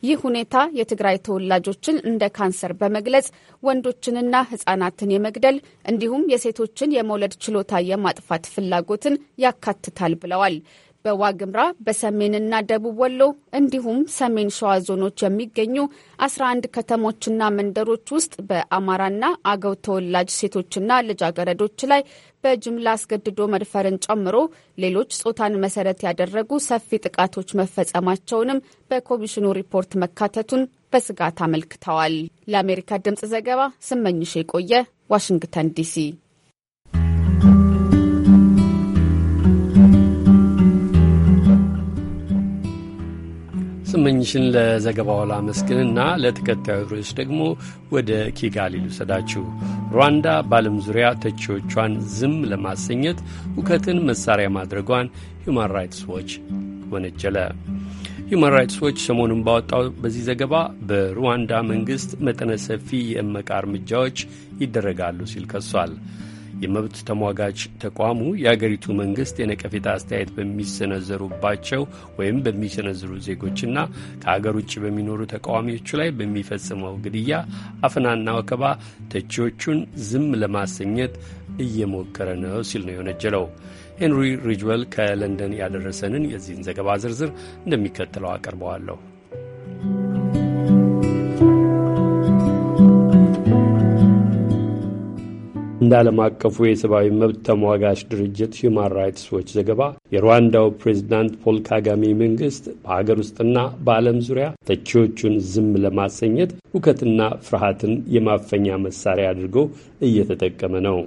ይህ ሁኔታ የትግራይ ተወላጆችን እንደ ካንሰር በመግለጽ ወንዶችንና ህጻናትን የመግደል እንዲሁም የሴቶችን የመውለድ ችሎታ የማጥፋት ፍላጎትን ያካትታል ብለዋል። በዋግምራ በሰሜንና ደቡብ ወሎ እንዲሁም ሰሜን ሸዋ ዞኖች የሚገኙ 11 ከተሞችና መንደሮች ውስጥ በአማራና አገው ተወላጅ ሴቶችና ልጃገረዶች ላይ በጅምላ አስገድዶ መድፈርን ጨምሮ ሌሎች ጾታን መሰረት ያደረጉ ሰፊ ጥቃቶች መፈጸማቸውንም በኮሚሽኑ ሪፖርት መካተቱን በስጋት አመልክተዋል። ለአሜሪካ ድምፅ ዘገባ ስመኝሽ የቆየ ዋሽንግተን ዲሲ ስመኝሽን ለዘገባው ላመስግንና ለተከታዩ ርዕስ ደግሞ ወደ ኪጋሊ ልውሰዳችሁ። ሩዋንዳ በዓለም ዙሪያ ተቺዎቿን ዝም ለማሰኘት ሁከትን መሳሪያ ማድረጓን ሁማን ራይትስ ዎች ወነጀለ። ሁማን ራይትስ ዎች ሰሞኑን ባወጣው በዚህ ዘገባ በሩዋንዳ መንግሥት መጠነ ሰፊ የእመቃ እርምጃዎች ይደረጋሉ ሲል ከሷል። የመብት ተሟጋች ተቋሙ የአገሪቱ መንግስት የነቀፌታ አስተያየት በሚሰነዘሩባቸው ወይም በሚሰነዝሩ ዜጎችና ከሀገር ውጭ በሚኖሩ ተቃዋሚዎቹ ላይ በሚፈጽመው ግድያ፣ አፈናና ወከባ ተቺዎቹን ዝም ለማሰኘት እየሞከረ ነው ሲል ነው የወነጀለው። ሄንሪ ሪጅዌል ከለንደን ያደረሰንን የዚህን ዘገባ ዝርዝር እንደሚከተለው አቀርበዋለሁ። እንደ ዓለም አቀፉ የሰብአዊ መብት ተሟጋች ድርጅት ሂውማን ራይትስ ዎች ዘገባ የሩዋንዳው ፕሬዚዳንት ፖል ካጋሜ መንግስት በሀገር ውስጥና በዓለም ዙሪያ ተቺዎቹን ዝም ለማሰኘት ሁከትና ፍርሃትን የማፈኛ መሳሪያ አድርጎ እየተጠቀመ ነው።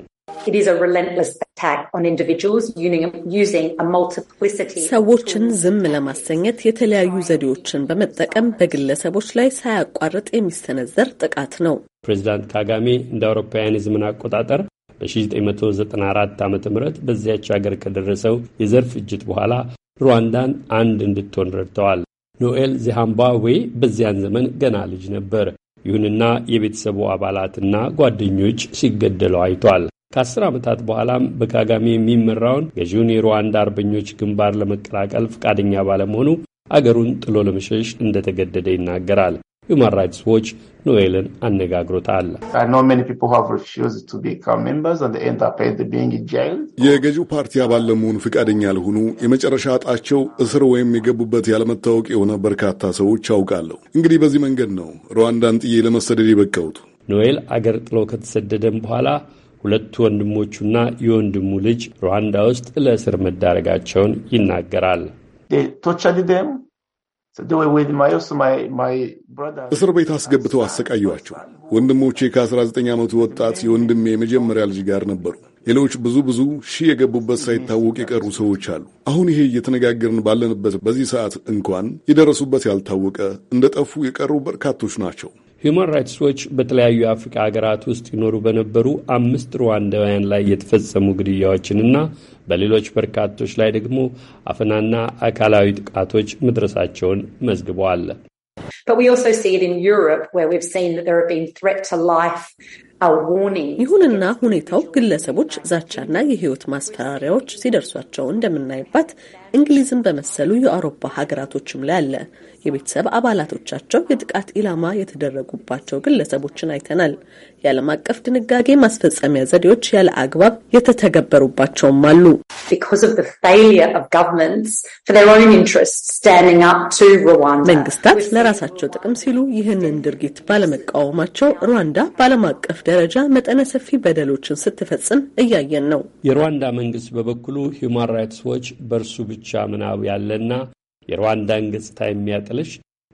ሰዎችን ዝም ለማሰኘት የተለያዩ ዘዴዎችን በመጠቀም በግለሰቦች ላይ ሳያቋርጥ የሚሰነዘር ጥቃት ነው። ፕሬዚዳንት ካጋሜ እንደ አውሮፓውያን የዘመን አቆጣጠር በ1994 ዓ ም በዚያች ሀገር ከደረሰው የዘር ፍጅት በኋላ ሩዋንዳን አንድ እንድትሆን ረድተዋል። ኖኤል ዚሃምባዌ በዚያን ዘመን ገና ልጅ ነበር። ይሁንና የቤተሰቡ አባላትና ጓደኞች ሲገደሉ አይቷል። ከአስር ዓመታት በኋላም በጋጋሚ የሚመራውን ገዢውን የሩዋንዳ አርበኞች ግንባር ለመቀላቀል ፈቃደኛ ባለመሆኑ አገሩን ጥሎ ለመሸሽ እንደተገደደ ይናገራል። ሁማን ራይትስ ዎች ኖኤልን አነጋግሮታል። የገዢው ፓርቲ አባል ለመሆን ፍቃደኛ ያልሆኑ የመጨረሻ ዕጣቸው እስር ወይም የገቡበት ያለመታወቅ የሆነ በርካታ ሰዎች አውቃለሁ። እንግዲህ በዚህ መንገድ ነው ሩዋንዳን ጥዬ ለመሰደድ የበቃሁት። ኖኤል አገር ጥሎ ከተሰደደም በኋላ ሁለቱ ወንድሞቹና የወንድሙ ልጅ ሩዋንዳ ውስጥ ለእስር መዳረጋቸውን ይናገራል። እስር ቤት አስገብተው አሰቃዩቸው። ወንድሞቼ ከ19 ዓመቱ ወጣት የወንድሜ የመጀመሪያ ልጅ ጋር ነበሩ። ሌሎች ብዙ ብዙ ሺህ የገቡበት ሳይታወቅ የቀሩ ሰዎች አሉ። አሁን ይሄ እየተነጋገርን ባለንበት በዚህ ሰዓት እንኳን የደረሱበት ያልታወቀ እንደጠፉ የቀሩ በርካቶች ናቸው። ሂውማን ራይትስ ዎች በተለያዩ የአፍሪካ ሀገራት ውስጥ ይኖሩ በነበሩ አምስት ሩዋንዳውያን ላይ የተፈጸሙ ግድያዎችንና በሌሎች በርካቶች ላይ ደግሞ አፈናና አካላዊ ጥቃቶች መድረሳቸውን መዝግበዋል። uh, ይሁንና ሁኔታው ግለሰቦች ዛቻና የሕይወት ማስፈራሪያዎች ሲደርሷቸው እንደምናይባት እንግሊዝን በመሰሉ የአውሮፓ ሀገራቶችም ላይ አለ። የቤተሰብ አባላቶቻቸው የጥቃት ኢላማ የተደረጉባቸው ግለሰቦችን አይተናል። የዓለም አቀፍ ድንጋጌ ማስፈጸሚያ ዘዴዎች ያለ አግባብ የተተገበሩባቸውም አሉ። መንግስታት ለራሳቸው ጥቅም ሲሉ ይህንን ድርጊት ባለመቃወማቸው ሩዋንዳ በዓለም አቀፍ ደረጃ መጠነ ሰፊ በደሎችን ስትፈጽም እያየን ነው። የሩዋንዳ መንግስት በበኩሉ ሂውማን ራይትስ ዎች በእርሱ ብቻ ምናብ ያለና የሩዋንዳን ገጽታ የሚያጥልሽ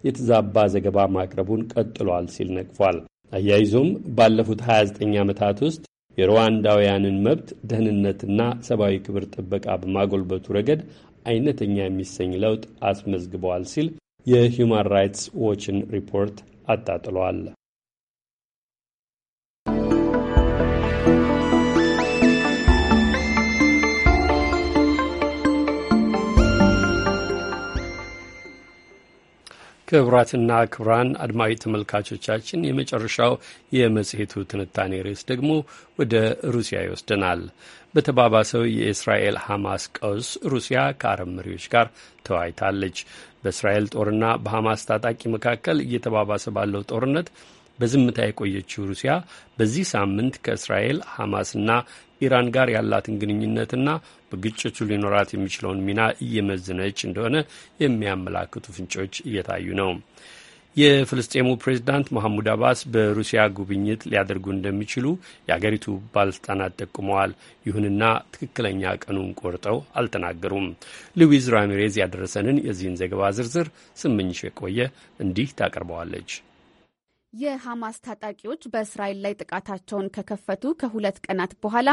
የተዛባ ዘገባ ማቅረቡን ቀጥሏል ሲል ነቅፏል። አያይዞም ባለፉት 29 ዓመታት ውስጥ የሩዋንዳውያንን መብት ደህንነትና ሰብአዊ ክብር ጥበቃ በማጎልበቱ ረገድ አይነተኛ የሚሰኝ ለውጥ አስመዝግበዋል ሲል የሁማን ራይትስ ዎችን ሪፖርት አጣጥሏል። ክቡራትና ክቡራን አድማዊ ተመልካቾቻችን የመጨረሻው የመጽሔቱ ትንታኔ ርዕስ ደግሞ ወደ ሩሲያ ይወስደናል። በተባባሰው የእስራኤል ሐማስ ቀውስ ሩሲያ ከአረብ መሪዎች ጋር ተወያይታለች። በእስራኤል ጦርና በሐማስ ታጣቂ መካከል እየተባባሰ ባለው ጦርነት በዝምታ የቆየችው ሩሲያ በዚህ ሳምንት ከእስራኤል ሐማስና ኢራን ጋር ያላትን ግንኙነትና በግጭቱ ሊኖራት የሚችለውን ሚና እየመዘነች እንደሆነ የሚያመላክቱ ፍንጮች እየታዩ ነው። የፍልስጤሙ ፕሬዚዳንት መሐሙድ አባስ በሩሲያ ጉብኝት ሊያደርጉ እንደሚችሉ የአገሪቱ ባለስልጣናት ጠቁመዋል። ይሁንና ትክክለኛ ቀኑን ቆርጠው አልተናገሩም። ሉዊዝ ራሚሬዝ ያደረሰንን የዚህን ዘገባ ዝርዝር ስምኝሽ የቆየ እንዲህ ታቀርበዋለች። የሐማስ ታጣቂዎች በእስራኤል ላይ ጥቃታቸውን ከከፈቱ ከሁለት ቀናት በኋላ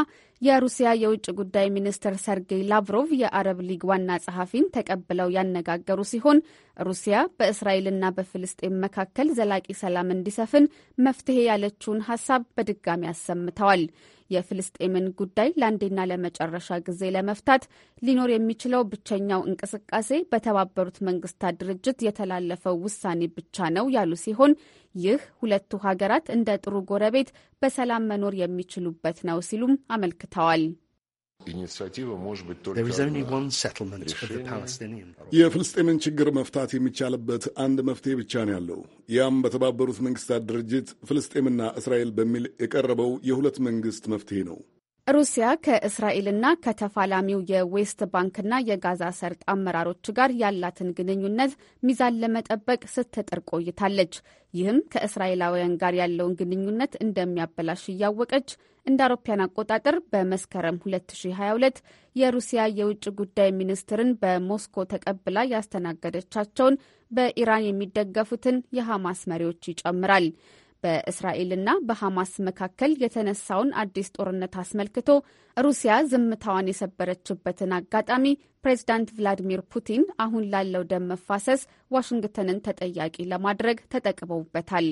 የሩሲያ የውጭ ጉዳይ ሚኒስትር ሰርጌይ ላቭሮቭ የአረብ ሊግ ዋና ጸሐፊን ተቀብለው ያነጋገሩ ሲሆን ሩሲያ በእስራኤልና በፍልስጤም መካከል ዘላቂ ሰላም እንዲሰፍን መፍትሄ ያለችውን ሀሳብ በድጋሚ አሰምተዋል። የፍልስጤምን ጉዳይ ለአንዴና ለመጨረሻ ጊዜ ለመፍታት ሊኖር የሚችለው ብቸኛው እንቅስቃሴ በተባበሩት መንግስታት ድርጅት የተላለፈው ውሳኔ ብቻ ነው ያሉ ሲሆን ይህ ሁለቱ ሀገራት እንደ ጥሩ ጎረቤት በሰላም መኖር የሚችሉበት ነው ሲሉም አመልክተዋል። የፍልስጤምን ችግር መፍታት የሚቻልበት አንድ መፍትሄ ብቻ ነው ያለው። ያም በተባበሩት መንግስታት ድርጅት ፍልስጤምና እስራኤል በሚል የቀረበው የሁለት መንግስት መፍትሄ ነው። ሩሲያ ከእስራኤልና ከተፋላሚው የዌስት ባንክና የጋዛ ሰርጥ አመራሮች ጋር ያላትን ግንኙነት ሚዛን ለመጠበቅ ስትጥር ቆይታለች። ይህም ከእስራኤላውያን ጋር ያለውን ግንኙነት እንደሚያበላሽ እያወቀች እንደ አውሮፓያን አቆጣጠር በመስከረም 2022 የሩሲያ የውጭ ጉዳይ ሚኒስትርን በሞስኮ ተቀብላ ያስተናገደቻቸውን በኢራን የሚደገፉትን የሐማስ መሪዎች ይጨምራል። በእስራኤልና በሐማስ መካከል የተነሳውን አዲስ ጦርነት አስመልክቶ ሩሲያ ዝምታዋን የሰበረችበትን አጋጣሚ ፕሬዝዳንት ቭላዲሚር ፑቲን አሁን ላለው ደም መፋሰስ ዋሽንግተንን ተጠያቂ ለማድረግ ተጠቅመውበታል።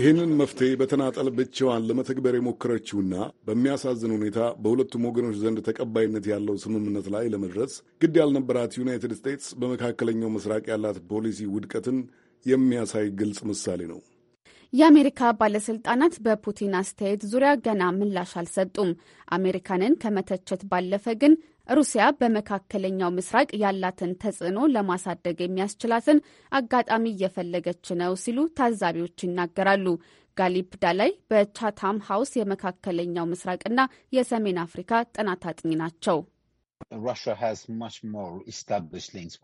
ይህንን መፍትሄ በተናጠል ብቻዋን ለመተግበር የሞከረችውና በሚያሳዝን ሁኔታ በሁለቱም ወገኖች ዘንድ ተቀባይነት ያለው ስምምነት ላይ ለመድረስ ግድ ያልነበራት ዩናይትድ ስቴትስ በመካከለኛው ምስራቅ ያላት ፖሊሲ ውድቀትን የሚያሳይ ግልጽ ምሳሌ ነው። የአሜሪካ ባለስልጣናት በፑቲን አስተያየት ዙሪያ ገና ምላሽ አልሰጡም። አሜሪካንን ከመተቸት ባለፈ ግን ሩሲያ በመካከለኛው ምስራቅ ያላትን ተጽዕኖ ለማሳደግ የሚያስችላትን አጋጣሚ እየፈለገች ነው ሲሉ ታዛቢዎች ይናገራሉ። ጋሊፕዳ ዳላይ በቻታም ሀውስ የመካከለኛው ምስራቅና የሰሜን አፍሪካ ጥናት አጥኚ ናቸው። ሩሲያ has much more established links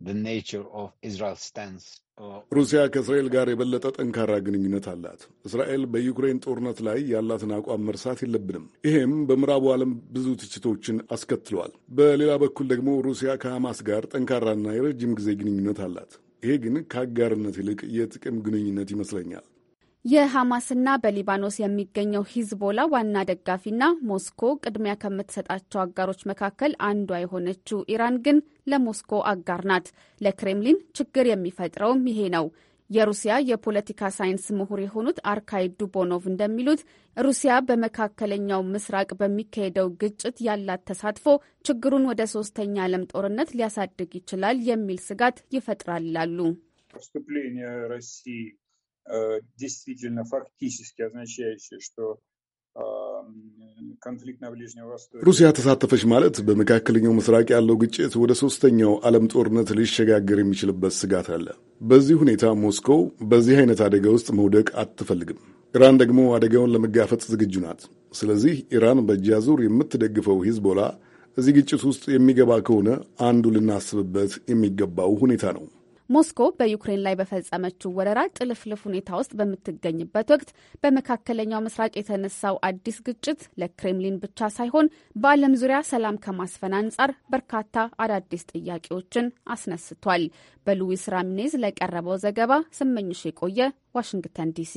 Uh, ሩሲያ ከእስራኤል ጋር የበለጠ ጠንካራ ግንኙነት አላት። እስራኤል በዩክሬን ጦርነት ላይ ያላትን አቋም መርሳት የለብንም። ይሄም በምዕራቡ ዓለም ብዙ ትችቶችን አስከትሏል። በሌላ በኩል ደግሞ ሩሲያ ከሐማስ ጋር ጠንካራና የረጅም ጊዜ ግንኙነት አላት። ይሄ ግን ከአጋርነት ይልቅ የጥቅም ግንኙነት ይመስለኛል። የሐማስና በሊባኖስ የሚገኘው ሂዝቦላ ዋና ደጋፊና ሞስኮ ቅድሚያ ከምትሰጣቸው አጋሮች መካከል አንዷ የሆነችው ኢራን ግን ለሞስኮ አጋር ናት። ለክሬምሊን ችግር የሚፈጥረውም ይሄ ነው። የሩሲያ የፖለቲካ ሳይንስ ምሁር የሆኑት አርካይ ዱቦኖቭ እንደሚሉት ሩሲያ በመካከለኛው ምስራቅ በሚካሄደው ግጭት ያላት ተሳትፎ ችግሩን ወደ ሶስተኛ ዓለም ጦርነት ሊያሳድግ ይችላል የሚል ስጋት ይፈጥራል ይላሉ። Э, действительно фактически означающее, что ሩሲያ ተሳተፈች ማለት በመካከለኛው ምስራቅ ያለው ግጭት ወደ ሶስተኛው ዓለም ጦርነት ሊሸጋገር የሚችልበት ስጋት አለ። በዚህ ሁኔታ ሞስኮ በዚህ አይነት አደጋ ውስጥ መውደቅ አትፈልግም። ኢራን ደግሞ አደጋውን ለመጋፈጥ ዝግጁ ናት። ስለዚህ ኢራን በእጃ ዙር የምትደግፈው ሂዝቦላ እዚህ ግጭት ውስጥ የሚገባ ከሆነ አንዱ ልናስብበት የሚገባው ሁኔታ ነው። ሞስኮ በዩክሬን ላይ በፈጸመችው ወረራ ጥልፍልፍ ሁኔታ ውስጥ በምትገኝበት ወቅት በመካከለኛው ምስራቅ የተነሳው አዲስ ግጭት ለክሬምሊን ብቻ ሳይሆን በዓለም ዙሪያ ሰላም ከማስፈን አንጻር በርካታ አዳዲስ ጥያቄዎችን አስነስቷል። በሉዊስ ራሚኔዝ ለቀረበው ዘገባ ስመኝሽ የቆየ ዋሽንግተን ዲሲ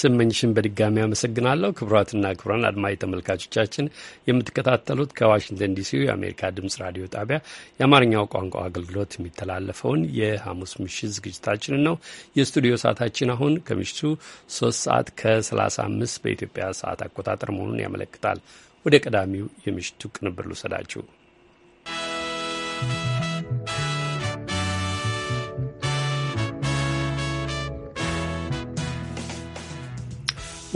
ስመኝሽን በድጋሚ አመሰግናለሁ። ክቡራትና ክቡራን አድማጭ ተመልካቾቻችን የምትከታተሉት ከዋሽንግተን ዲሲ የአሜሪካ ድምጽ ራዲዮ ጣቢያ የአማርኛው ቋንቋ አገልግሎት የሚተላለፈውን የሐሙስ ምሽት ዝግጅታችንን ነው። የስቱዲዮ ሰዓታችን አሁን ከምሽቱ ሶስት ሰዓት ከሰላሳ አምስት በኢትዮጵያ ሰዓት አቆጣጠር መሆኑን ያመለክታል። ወደ ቀዳሚው የምሽቱ ቅንብር ልውሰዳችሁ።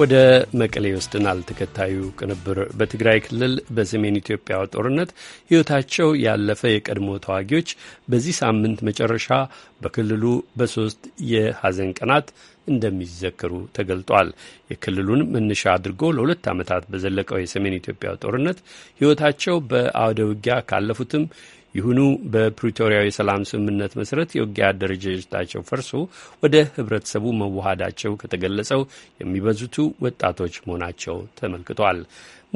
ወደ መቀሌ ይወስድናል። ተከታዩ ቅንብር በትግራይ ክልል በሰሜን ኢትዮጵያ ጦርነት ሕይወታቸው ያለፈ የቀድሞ ተዋጊዎች በዚህ ሳምንት መጨረሻ በክልሉ በሶስት የሐዘን ቀናት እንደሚዘክሩ ተገልጧል። የክልሉን መነሻ አድርጎ ለሁለት ዓመታት በዘለቀው የሰሜን ኢትዮጵያ ጦርነት ሕይወታቸው በአውደ ውጊያ ካለፉትም ይሁኑ በፕሪቶሪያዊ ሰላም ስምምነት መሰረት የውጊያ አደረጃጀታቸው ፈርሶ ወደ ህብረተሰቡ መዋሃዳቸው ከተገለጸው የሚበዙቱ ወጣቶች መሆናቸው ተመልክቷል።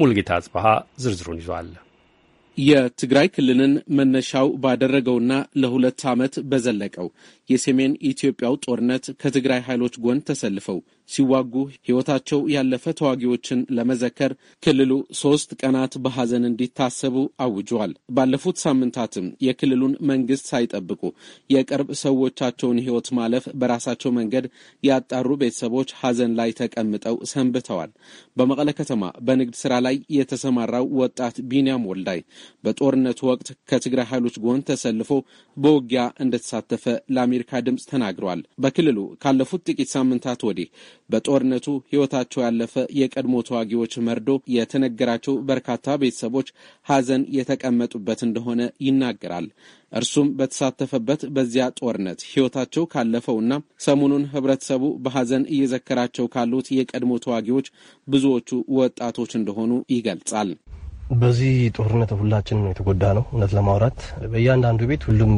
ሙልጌታ አጽበሃ ዝርዝሩን ይዟል። የትግራይ ክልልን መነሻው ባደረገውና ለሁለት ዓመት በዘለቀው የሰሜን ኢትዮጵያው ጦርነት ከትግራይ ኃይሎች ጎን ተሰልፈው ሲዋጉ ሕይወታቸው ያለፈ ተዋጊዎችን ለመዘከር ክልሉ ሶስት ቀናት በሐዘን እንዲታሰቡ አውጇል። ባለፉት ሳምንታትም የክልሉን መንግስት ሳይጠብቁ የቅርብ ሰዎቻቸውን ሕይወት ማለፍ በራሳቸው መንገድ ያጣሩ ቤተሰቦች ሐዘን ላይ ተቀምጠው ሰንብተዋል። በመቀለ ከተማ በንግድ ስራ ላይ የተሰማራው ወጣት ቢንያም ወልዳይ በጦርነቱ ወቅት ከትግራይ ኃይሎች ጎን ተሰልፎ በውጊያ እንደተሳተፈ ለአሜሪካ ድምፅ ተናግረዋል። በክልሉ ካለፉት ጥቂት ሳምንታት ወዲህ በጦርነቱ ሕይወታቸው ያለፈ የቀድሞ ተዋጊዎች መርዶ የተነገራቸው በርካታ ቤተሰቦች ሐዘን የተቀመጡበት እንደሆነ ይናገራል። እርሱም በተሳተፈበት በዚያ ጦርነት ሕይወታቸው ካለፈውና ሰሞኑን ህብረተሰቡ በሐዘን እየዘከራቸው ካሉት የቀድሞ ተዋጊዎች ብዙዎቹ ወጣቶች እንደሆኑ ይገልጻል። በዚህ ጦርነት ሁላችን የተጎዳ ነው። እውነት ለማውራት በእያንዳንዱ ቤት ሁሉም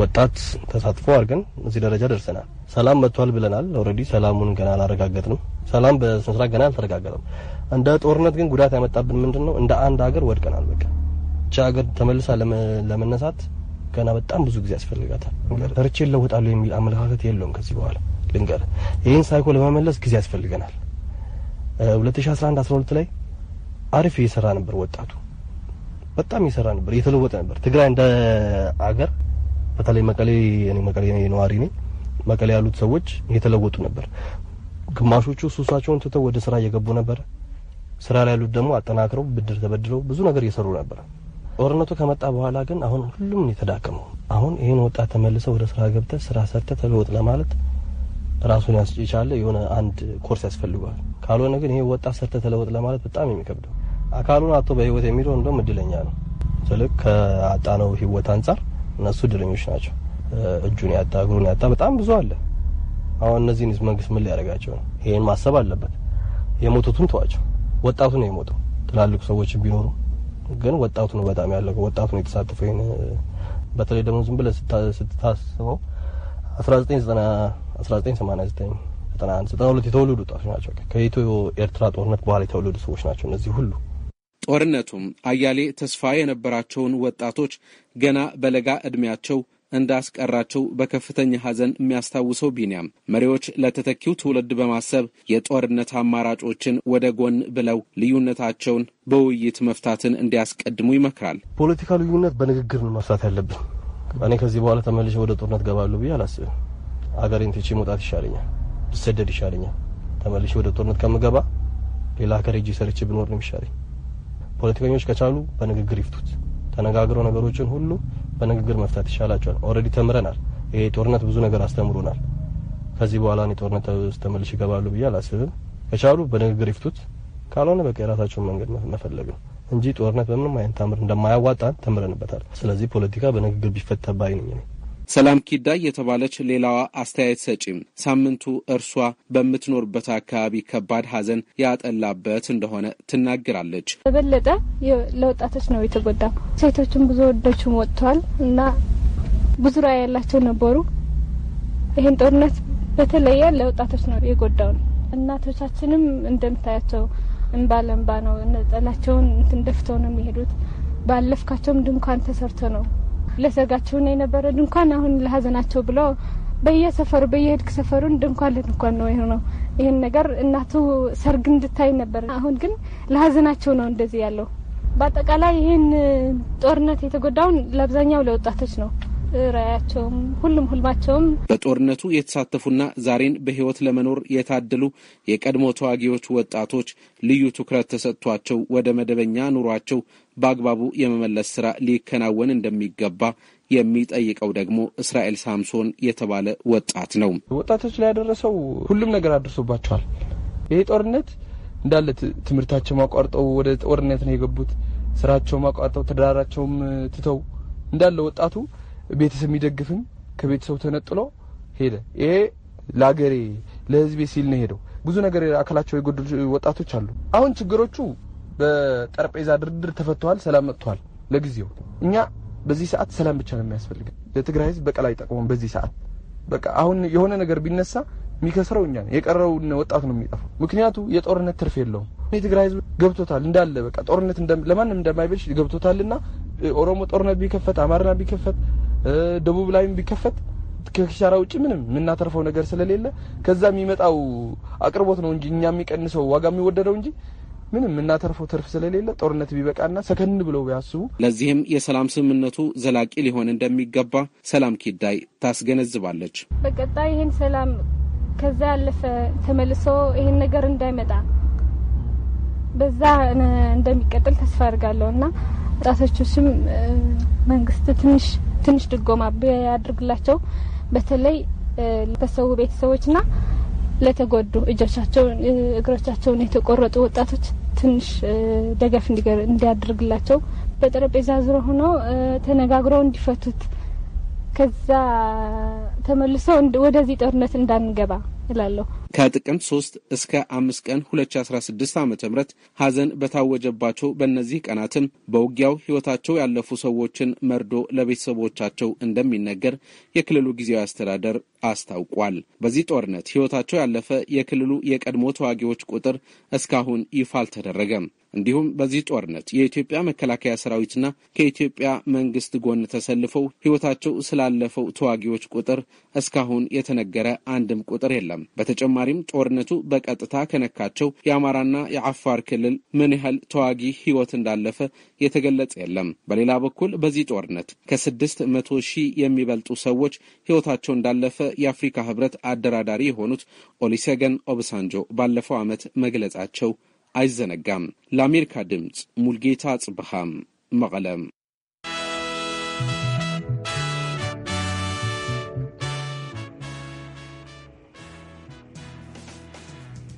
ወጣት ተሳትፎ አድርገን እዚህ ደረጃ ደርሰናል። ሰላም መጥቷል ብለናል። ኦልሬዲ ሰላሙን ገና አላረጋገጥንም። ሰላም በስነስርዓት ገና አልተረጋገጠም። እንደ ጦርነት ግን ጉዳት ያመጣብን ምንድን ነው? እንደ አንድ ሀገር ወድቀናል። በቃ እቺ ሀገር ተመልሳ ለመነሳት ገና በጣም ብዙ ጊዜ ያስፈልጋታል። ርቼ እለወጣለሁ የሚል አመለካከት የለውም ከዚህ በኋላ ልንገር። ይህን ሳይኮ ለመመለስ ጊዜ ያስፈልገናል። 2011 12 ላይ አሪፍ እየሰራ ነበር ወጣቱ በጣም እየሰራ ነበር፣ እየተለወጠ ነበር። ትግራይ እንደ አገር በተለይ መቀሌ እኔ መቀሌ ነዋሪ ነኝ። መቀሌ ያሉት ሰዎች እየተለወጡ ነበር። ግማሾቹ ሱሳቸውን ትተው ወደ ስራ እየገቡ ነበር። ስራ ላይ ያሉት ደግሞ አጠናክረው ብድር ተበድረው ብዙ ነገር እየሰሩ ነበር። ጦርነቱ ከመጣ በኋላ ግን አሁን ሁሉም የተዳከመው አሁን ይህን ወጣት ተመልሰ ወደ ስራ ገብተ ስራ ሰርተ ተለወጥ ለማለት ራሱን ያስ የቻለ የሆነ አንድ ኮርስ ያስፈልገዋል። ካልሆነ ግን ይሄ ወጣት ሰርተ ተለወጥ ለማለት በጣም የሚከብደው አካሉን አቶ በህይወት የሚለው እንደም እድለኛ ነው ስልክ ከአጣነው ህይወት አንጻር እነሱ እድለኞች ናቸው። እጁን ያጣ እግሩን ያጣ በጣም ብዙ አለ። አሁን እነዚህን መንግስት ምን ሊያደርጋቸው ነው? ይሄን ማሰብ አለበት። የሞቱትን ተዋቸው። ወጣቱ ነው የሞተው። ትላልቅ ሰዎች ቢኖሩ ግን ወጣቱ ነው በጣም ያለው ወጣቱ ነው የተሳተፈው። ይሄን በተለይ ደግሞ ዝም ብለህ ስትታስበው 1989 91 92 የተወለዱ ወጣቶች ናቸው። ከኢትዮ ኤርትራ ጦርነት በኋላ የተወለዱ ሰዎች ናቸው እነዚህ ሁሉ ጦርነቱም አያሌ ተስፋ የነበራቸውን ወጣቶች ገና በለጋ ዕድሜያቸው እንዳስቀራቸው በከፍተኛ ሐዘን የሚያስታውሰው ቢንያም መሪዎች ለተተኪው ትውልድ በማሰብ የጦርነት አማራጮችን ወደ ጎን ብለው ልዩነታቸውን በውይይት መፍታትን እንዲያስቀድሙ ይመክራል። ፖለቲካ ልዩነት በንግግር ነው መፍታት ያለብን። እኔ ከዚህ በኋላ ተመልሼ ወደ ጦርነት ገባለሁ ብዬ አላስብም። አገሬን ትቼ መውጣት ይሻለኛል፣ ብሰደድ ይሻለኛል። ተመልሼ ወደ ጦርነት ከምገባ ሌላ ሀገር ሄጄ ሰርቼ ብኖር ነው ይሻለኝ። ፖለቲከኞች ከቻሉ በንግግር ይፍቱት። ተነጋግረው ነገሮችን ሁሉ በንግግር መፍታት ይሻላቸዋል። ኦልሬዲ ተምረናል። ይሄ ጦርነት ብዙ ነገር አስተምሮናል። ከዚህ በኋላ እኔ ጦርነት ውስጥ ይገባሉ ብዬ አላስብም። ከቻሉ በንግግር ይፍቱት፣ ካልሆነ በቃ የራሳቸውን መንገድ መፈለግ ነው እንጂ ጦርነት በምንም አይነት ታምር እንደማያዋጣን ተምረንበታል። ስለዚህ ፖለቲካ በንግግር ቢፈተባይ ባይ ሰላም ኪዳ የተባለች ሌላዋ አስተያየት ሰጪም ሳምንቱ እርሷ በምትኖርበት አካባቢ ከባድ ሐዘን ያጠላበት እንደሆነ ትናገራለች። በበለጠ ለወጣቶች ነው የተጎዳው። ሴቶችም ብዙ ወደችም ወጥተዋል እና ብዙ ራዕይ ያላቸው ነበሩ። ይህን ጦርነት በተለየ ለወጣቶች ነው የጎዳው እናቶቻችንም እንደምታያቸው እንባ ለእንባ ነው። ነጠላቸውን እንትን ደፍተው ነው የሚሄዱት። ባለፍካቸውም ድንኳን ተሰርቶ ነው ነው የነበረ ድንኳን አሁን ለሀዘናቸው ብለው በየሰፈሩ በየህድግ ሰፈሩን ድንኳን ለድንኳን ነው የሆነው። ይህን ነገር እናቱ ሰርግ እንድታይ ነበር። አሁን ግን ለሀዘናቸው ነው እንደዚህ ያለው። በአጠቃላይ ይህን ጦርነት የተጎዳውን ለአብዛኛው ለወጣቶች ነው። ራያቸውም ሁሉም ሁልማቸውም በጦርነቱ የተሳተፉና ዛሬን በህይወት ለመኖር የታደሉ የቀድሞ ተዋጊዎች ወጣቶች ልዩ ትኩረት ተሰጥቷቸው ወደ መደበኛ ኑሯቸው በአግባቡ የመመለስ ስራ ሊከናወን እንደሚገባ የሚጠይቀው ደግሞ እስራኤል ሳምሶን የተባለ ወጣት ነው። ወጣቶች ላይ ያደረሰው ሁሉም ነገር አድርሶባቸዋል። ይሄ ጦርነት እንዳለ ትምህርታቸው አቋርጠው ወደ ጦርነት ነው የገቡት። ስራቸውም አቋርጠው ትዳራቸውም ትተው እንዳለ ወጣቱ ቤተሰብ የሚደግፍም ከቤተሰቡ ተነጥሎ ሄደ። ይሄ ለአገሬ ለህዝቤ ሲል ነው ሄደው ብዙ ነገር አካላቸው የጎደሉ ወጣቶች አሉ። አሁን ችግሮቹ በጠረጴዛ ድርድር ተፈቷል። ሰላም መጥቷል። ለጊዜው እኛ በዚህ ሰዓት ሰላም ብቻ ነው የሚያስፈልገን። ለትግራይ ህዝብ በቀል አይጠቅሙም። በዚህ ሰዓት በቃ አሁን የሆነ ነገር ቢነሳ የሚከስረው እኛ የቀረውን ወጣት ነው የሚጠፋው። ምክንያቱ የጦርነት ትርፍ የለውም። የትግራይ ህዝብ ገብቶታል እንዳለ በቃ ጦርነት ለማንም እንደማይበጅ ገብቶታልና ኦሮሞ ጦርነት ቢከፈት፣ አማርና ቢከፈት፣ ደቡብ ላይም ቢከፈት ከኪሳራ ውጭ ምንም የምናተርፈው ነገር ስለሌለ ከዛ የሚመጣው አቅርቦት ነው እንጂ እኛ የሚቀንሰው ዋጋ የሚወደደው እንጂ ምንም የምናተርፈው ትርፍ ስለሌለ ጦርነት ቢበቃና ሰከን ብለው ቢያስቡ። ለዚህም የሰላም ስምምነቱ ዘላቂ ሊሆን እንደሚገባ ሰላም ኪዳይ ታስገነዝባለች። በቀጣይ ይህን ሰላም ከዛ ያለፈ ተመልሶ ይህን ነገር እንዳይመጣ በዛ እንደሚቀጥል ተስፋ አድርጋለሁ እና ወጣቶችም መንግስት ትንሽ ትንሽ ድጎማ ያድርግላቸው በተለይ ለተሰዉ ቤተሰቦችና ለተጎዱ እጆቻቸውን እግሮቻቸውን የተቆረጡ ወጣቶች ትንሽ ደገፍ እንዲያደርግላቸው በጠረጴዛ ዙሪያ ሆነው ተነጋግረው እንዲፈቱት ከዛ ተመልሰው ወደዚህ ጦርነት እንዳንገባ እላለሁ። ከጥቅምት 3 እስከ 5 ቀን 2016 ዓ ም ሐዘን በታወጀባቸው በእነዚህ ቀናትም በውጊያው ሕይወታቸው ያለፉ ሰዎችን መርዶ ለቤተሰቦቻቸው እንደሚነገር የክልሉ ጊዜያዊ አስተዳደር አስታውቋል። በዚህ ጦርነት ሕይወታቸው ያለፈ የክልሉ የቀድሞ ተዋጊዎች ቁጥር እስካሁን ይፋ አልተደረገም። እንዲሁም በዚህ ጦርነት የኢትዮጵያ መከላከያ ሰራዊትና ከኢትዮጵያ መንግስት ጎን ተሰልፈው ሕይወታቸው ስላለፈው ተዋጊዎች ቁጥር እስካሁን የተነገረ አንድም ቁጥር የለም። በተጨማ በተጨማሪም ጦርነቱ በቀጥታ ከነካቸው የአማራና የአፋር ክልል ምን ያህል ተዋጊ ህይወት እንዳለፈ የተገለጸ የለም። በሌላ በኩል በዚህ ጦርነት ከስድስት መቶ ሺህ የሚበልጡ ሰዎች ህይወታቸው እንዳለፈ የአፍሪካ ህብረት አደራዳሪ የሆኑት ኦሊሴገን ኦብሳንጆ ባለፈው ዓመት መግለጻቸው አይዘነጋም። ለአሜሪካ ድምፅ ሙልጌታ ጽብሃም መቀለም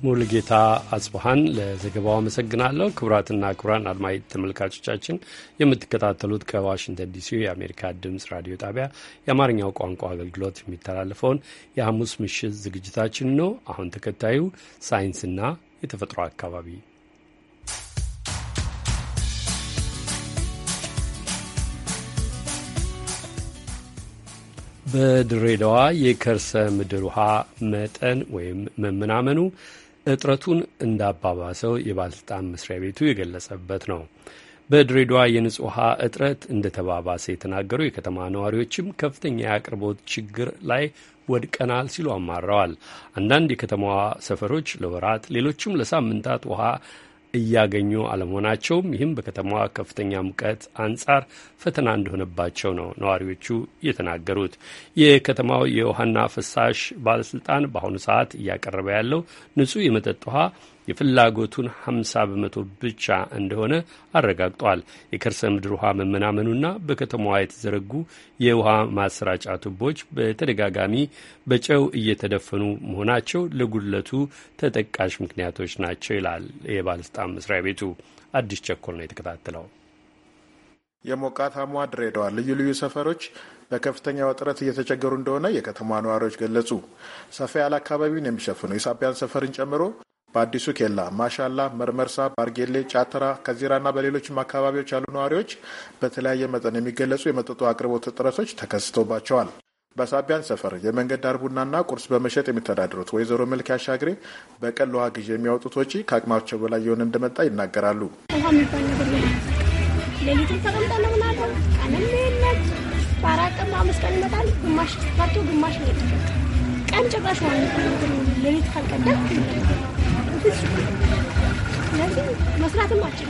ሙልጌታ አጽብሃን ለዘገባው አመሰግናለሁ። ክቡራትና ክቡራን አድማጭ ተመልካቾቻችን የምትከታተሉት ከዋሽንግተን ዲሲ የአሜሪካ ድምጽ ራዲዮ ጣቢያ የአማርኛው ቋንቋ አገልግሎት የሚተላለፈውን የሐሙስ ምሽት ዝግጅታችን ነው። አሁን ተከታዩ ሳይንስና የተፈጥሮ አካባቢ በድሬዳዋ የከርሰ ምድር ውሃ መጠን ወይም መመናመኑ እጥረቱን እንዳባባሰው የባለሥልጣን መስሪያ ቤቱ የገለጸበት ነው። በድሬዳዋ የንጹህ ውሃ እጥረት እንደተባባሰ የተናገሩ የከተማ ነዋሪዎችም ከፍተኛ የአቅርቦት ችግር ላይ ወድቀናል ሲሉ አማረዋል። አንዳንድ የከተማዋ ሰፈሮች ለወራት ሌሎችም ለሳምንታት ውሃ እያገኙ አለመሆናቸውም ይህም በከተማዋ ከፍተኛ ሙቀት አንጻር ፈተና እንደሆነባቸው ነው ነዋሪዎቹ የተናገሩት። የከተማው የውሃና ፍሳሽ ባለስልጣን በአሁኑ ሰዓት እያቀረበ ያለው ንጹህ የመጠጥ ውሃ የፍላጎቱን 50 በመቶ ብቻ እንደሆነ አረጋግጧል። የከርሰ ምድር ውሃ መመናመኑና በከተማዋ የተዘረጉ የውሃ ማሰራጫ ቱቦች በተደጋጋሚ በጨው እየተደፈኑ መሆናቸው ለጉድለቱ ተጠቃሽ ምክንያቶች ናቸው ይላል የባለስልጣን መስሪያ ቤቱ። አዲስ ቸኮል ነው የተከታተለው። የሞቃታሟ ድሬዳዋ ልዩ ልዩ ሰፈሮች በከፍተኛ ውጥረት እየተቸገሩ እንደሆነ የከተማ ነዋሪዎች ገለጹ። ሰፋ ያለ አካባቢውን የሚሸፍኑ የሳቢያን ሰፈርን ጨምሮ በአዲሱ ኬላ፣ ማሻላ፣ መርመርሳ፣ ባርጌሌ፣ ጫተራ፣ ከዚራና በሌሎችም አካባቢዎች ያሉ ነዋሪዎች በተለያየ መጠን የሚገለጹ የመጠጡ አቅርቦት እጥረቶች ተከስተውባቸዋል። በሳቢያን ሰፈር የመንገድ ዳር ቡናና ቁርስ በመሸጥ የሚተዳደሩት ወይዘሮ መልክ ያሻግሬ በቀን ለውሃ ግዢ የሚያወጡት ወጪ ከአቅማቸው በላይ የሆነ እንደመጣ ይናገራሉ። ሌሊቱን ተቀምጠ ነው ምናለው ቀንም በአራት ቀን ቀን ይመጣል። ግማሽ ግማሽ ቀን ጭራሽ ሌሊት ካልቀደ ስለዚህ መስራትም አችል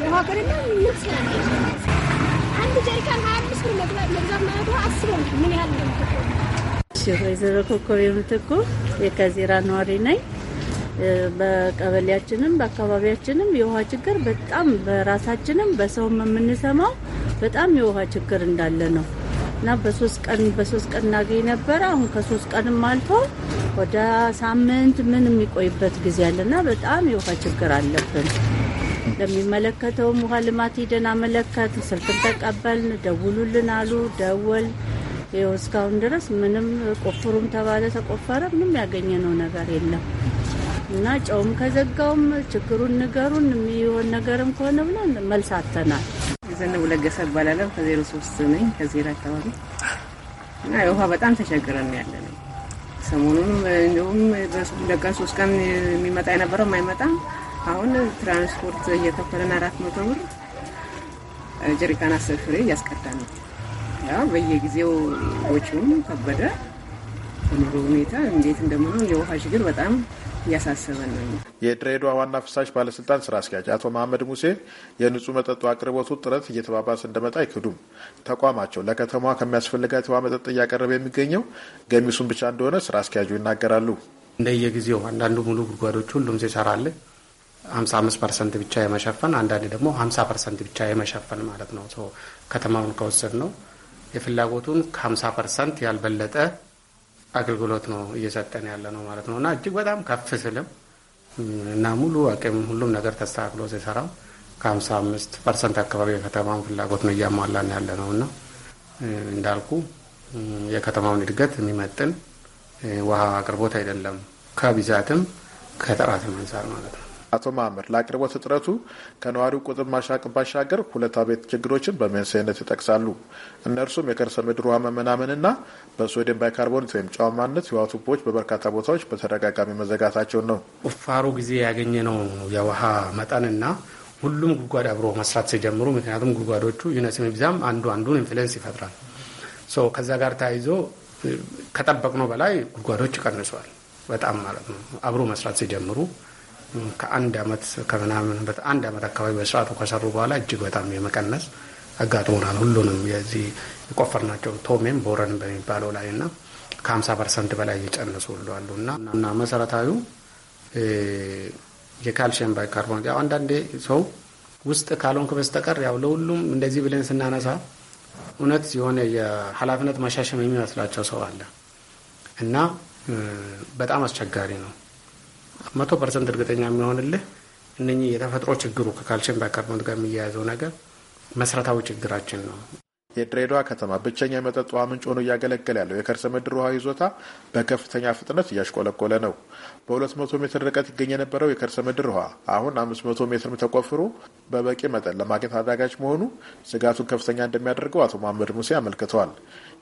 አንድ ጀሪካን ሀያ አምስት ብር መግዛት ማለት ምን ያህል ወይዘሮ የከዜራ ነዋሪ ነኝ። በቀበሌያችንም በአካባቢያችንም የውሃ ችግር በጣም በራሳችንም በሰውም የምንሰማው በጣም የውሃ ችግር እንዳለ ነው። እና በሶስት ቀን በሶስት ቀን እናገኝ ነበረ። አሁን ከሶስት ቀንም አልፎ ወደ ሳምንት ምን የሚቆይበት ጊዜ እና በጣም የውሃ ችግር አለብን። ለሚመለከተውም ውሃ ልማት ሂደን አመለከት፣ ስልክን ተቀበልን፣ ደውሉልን አሉ። ደወል ይኸው እስካሁን ድረስ ምንም ቆፍሩም ተባለ ተቆፈረ፣ ምንም ያገኘነው ነገር የለም እና ጨውም ከዘጋውም ችግሩን ንገሩን የሚሆን ነገርም ከሆነ ብለን መልስ አተናል። ዘነቡ ለገሰ እባላለሁ። ከዜሮ ሶስት ነኝ ከዜሮ አካባቢ እና የውሃ በጣም ተቸግረን ያለ ነው። ሰሞኑንም እንዲሁም ሁለት ቀን ሶስት ቀን የሚመጣ የነበረው የማይመጣም አሁን ትራንስፖርት እየከፈለን አራት መቶ ብር ጀሪካን አስር ፍሬ እያስቀዳ ነው። ያው በየጊዜው ወጪውም ከበደ በኑሮ ሁኔታ እንዴት እንደምሆን የውሃ ችግር በጣም እያሳሰበን ነው። የድሬዳዋ ዋና ፍሳሽ ባለስልጣን ስራ አስኪያጅ አቶ መሀመድ ሙሴ የንጹህ መጠጡ አቅርቦቱ ጥረት እየተባባሰ እንደመጣ አይክዱም። ተቋማቸው ለከተማዋ ከሚያስፈልጋት ውሃ መጠጥ እያቀረበ የሚገኘው ገሚሱን ብቻ እንደሆነ ስራ አስኪያጁ ይናገራሉ። እንደየጊዜው አንዳንዱ ሙሉ ጉድጓዶች ሁሉም ሲሰራለ 55 ፐርሰንት ብቻ የመሸፈን አንዳንድ ደግሞ 50 ፐርሰንት ብቻ የመሸፈን ማለት ነው። ከተማውን ከወሰድ ነው የፍላጎቱን ከ50 ፐርሰንት ያልበለጠ አገልግሎት ነው እየሰጠን ያለ ነው ማለት ነው እና እጅግ በጣም ከፍ ስልም እና ሙሉ አቅም ሁሉም ነገር ተስተካክሎ ሲሰራም ከሀምሳ አምስት ፐርሰንት አካባቢ የከተማውን ፍላጎት ነው እያሟላን ያለ ነው እና እንዳልኩ የከተማውን እድገት የሚመጥን ውሃ አቅርቦት አይደለም ከብዛትም ከጥራትም አንጻር ማለት ነው። አቶ ማህመድ ለአቅርቦት እጥረቱ ከነዋሪው ቁጥር ማሻቅ ባሻገር ሁለት አቤት ችግሮችን በመንስኤነት ይጠቅሳሉ። እነርሱም የከርሰ ምድር ውሃ መመናመንና በሶዲየም ባይካርቦኔት ወይም ጨዋማነት የውሃ ቱቦዎች በበርካታ ቦታዎች በተደጋጋሚ መዘጋታቸውን ነው። ቁፋሮ ጊዜ ያገኘነው የውሃ መጠንና ሁሉም ጉድጓድ አብሮ መስራት ሲጀምሩ፣ ምክንያቱም ጉድጓዶቹ ዩነስም ቢዛም አንዱ አንዱን ኢንፍሉዌንስ ይፈጥራል። ከዛ ጋር ተያይዞ ከጠበቅነው በላይ ጉድጓዶች ቀንሷል። በጣም ማለት ነው አብሮ መስራት ሲጀምሩ ከአንድ አመት ከምናምን አንድ አመት አካባቢ በስርዓቱ ከሰሩ በኋላ እጅግ በጣም የመቀነስ አጋጥሞናል። ሁሉንም የዚህ የቆፈርናቸው ቶሜም ቦረን በሚባለው ላይ እና ከ50 ፐርሰንት በላይ እየጨነሱ ሁለዋሉ እና መሰረታዊ የካልሽየም ባይካርቦኔት ያው አንዳንዴ ሰው ውስጥ ካልሆንክ በስተቀር ያው ለሁሉም እንደዚህ ብለን ስናነሳ እውነት የሆነ የኃላፊነት መሻሸም የሚመስላቸው ሰው አለ እና በጣም አስቸጋሪ ነው። መቶ ፐርሰንት እርግጠኛ የሚሆንልህ እነኚህ የተፈጥሮ ችግሩ ከካልሽን ባክግራውንድ ጋር የሚያያዘው ነገር መሰረታዊ ችግራችን ነው። የድሬዳዋ ከተማ ብቸኛ የመጠጥ ውሃ ምንጭ ሆኖ እያገለገለ ያለው የከርሰ ምድር ውሃ ይዞታ በከፍተኛ ፍጥነት እያሽቆለቆለ ነው። በ200 ሜትር ርቀት ይገኝ የነበረው የከርሰ ምድር ውሃ አሁን 500 ሜትር ተቆፍሮ በበቂ መጠን ለማግኘት አዳጋች መሆኑ ስጋቱን ከፍተኛ እንደሚያደርገው አቶ መሀመድ ሙሴ አመልክተዋል።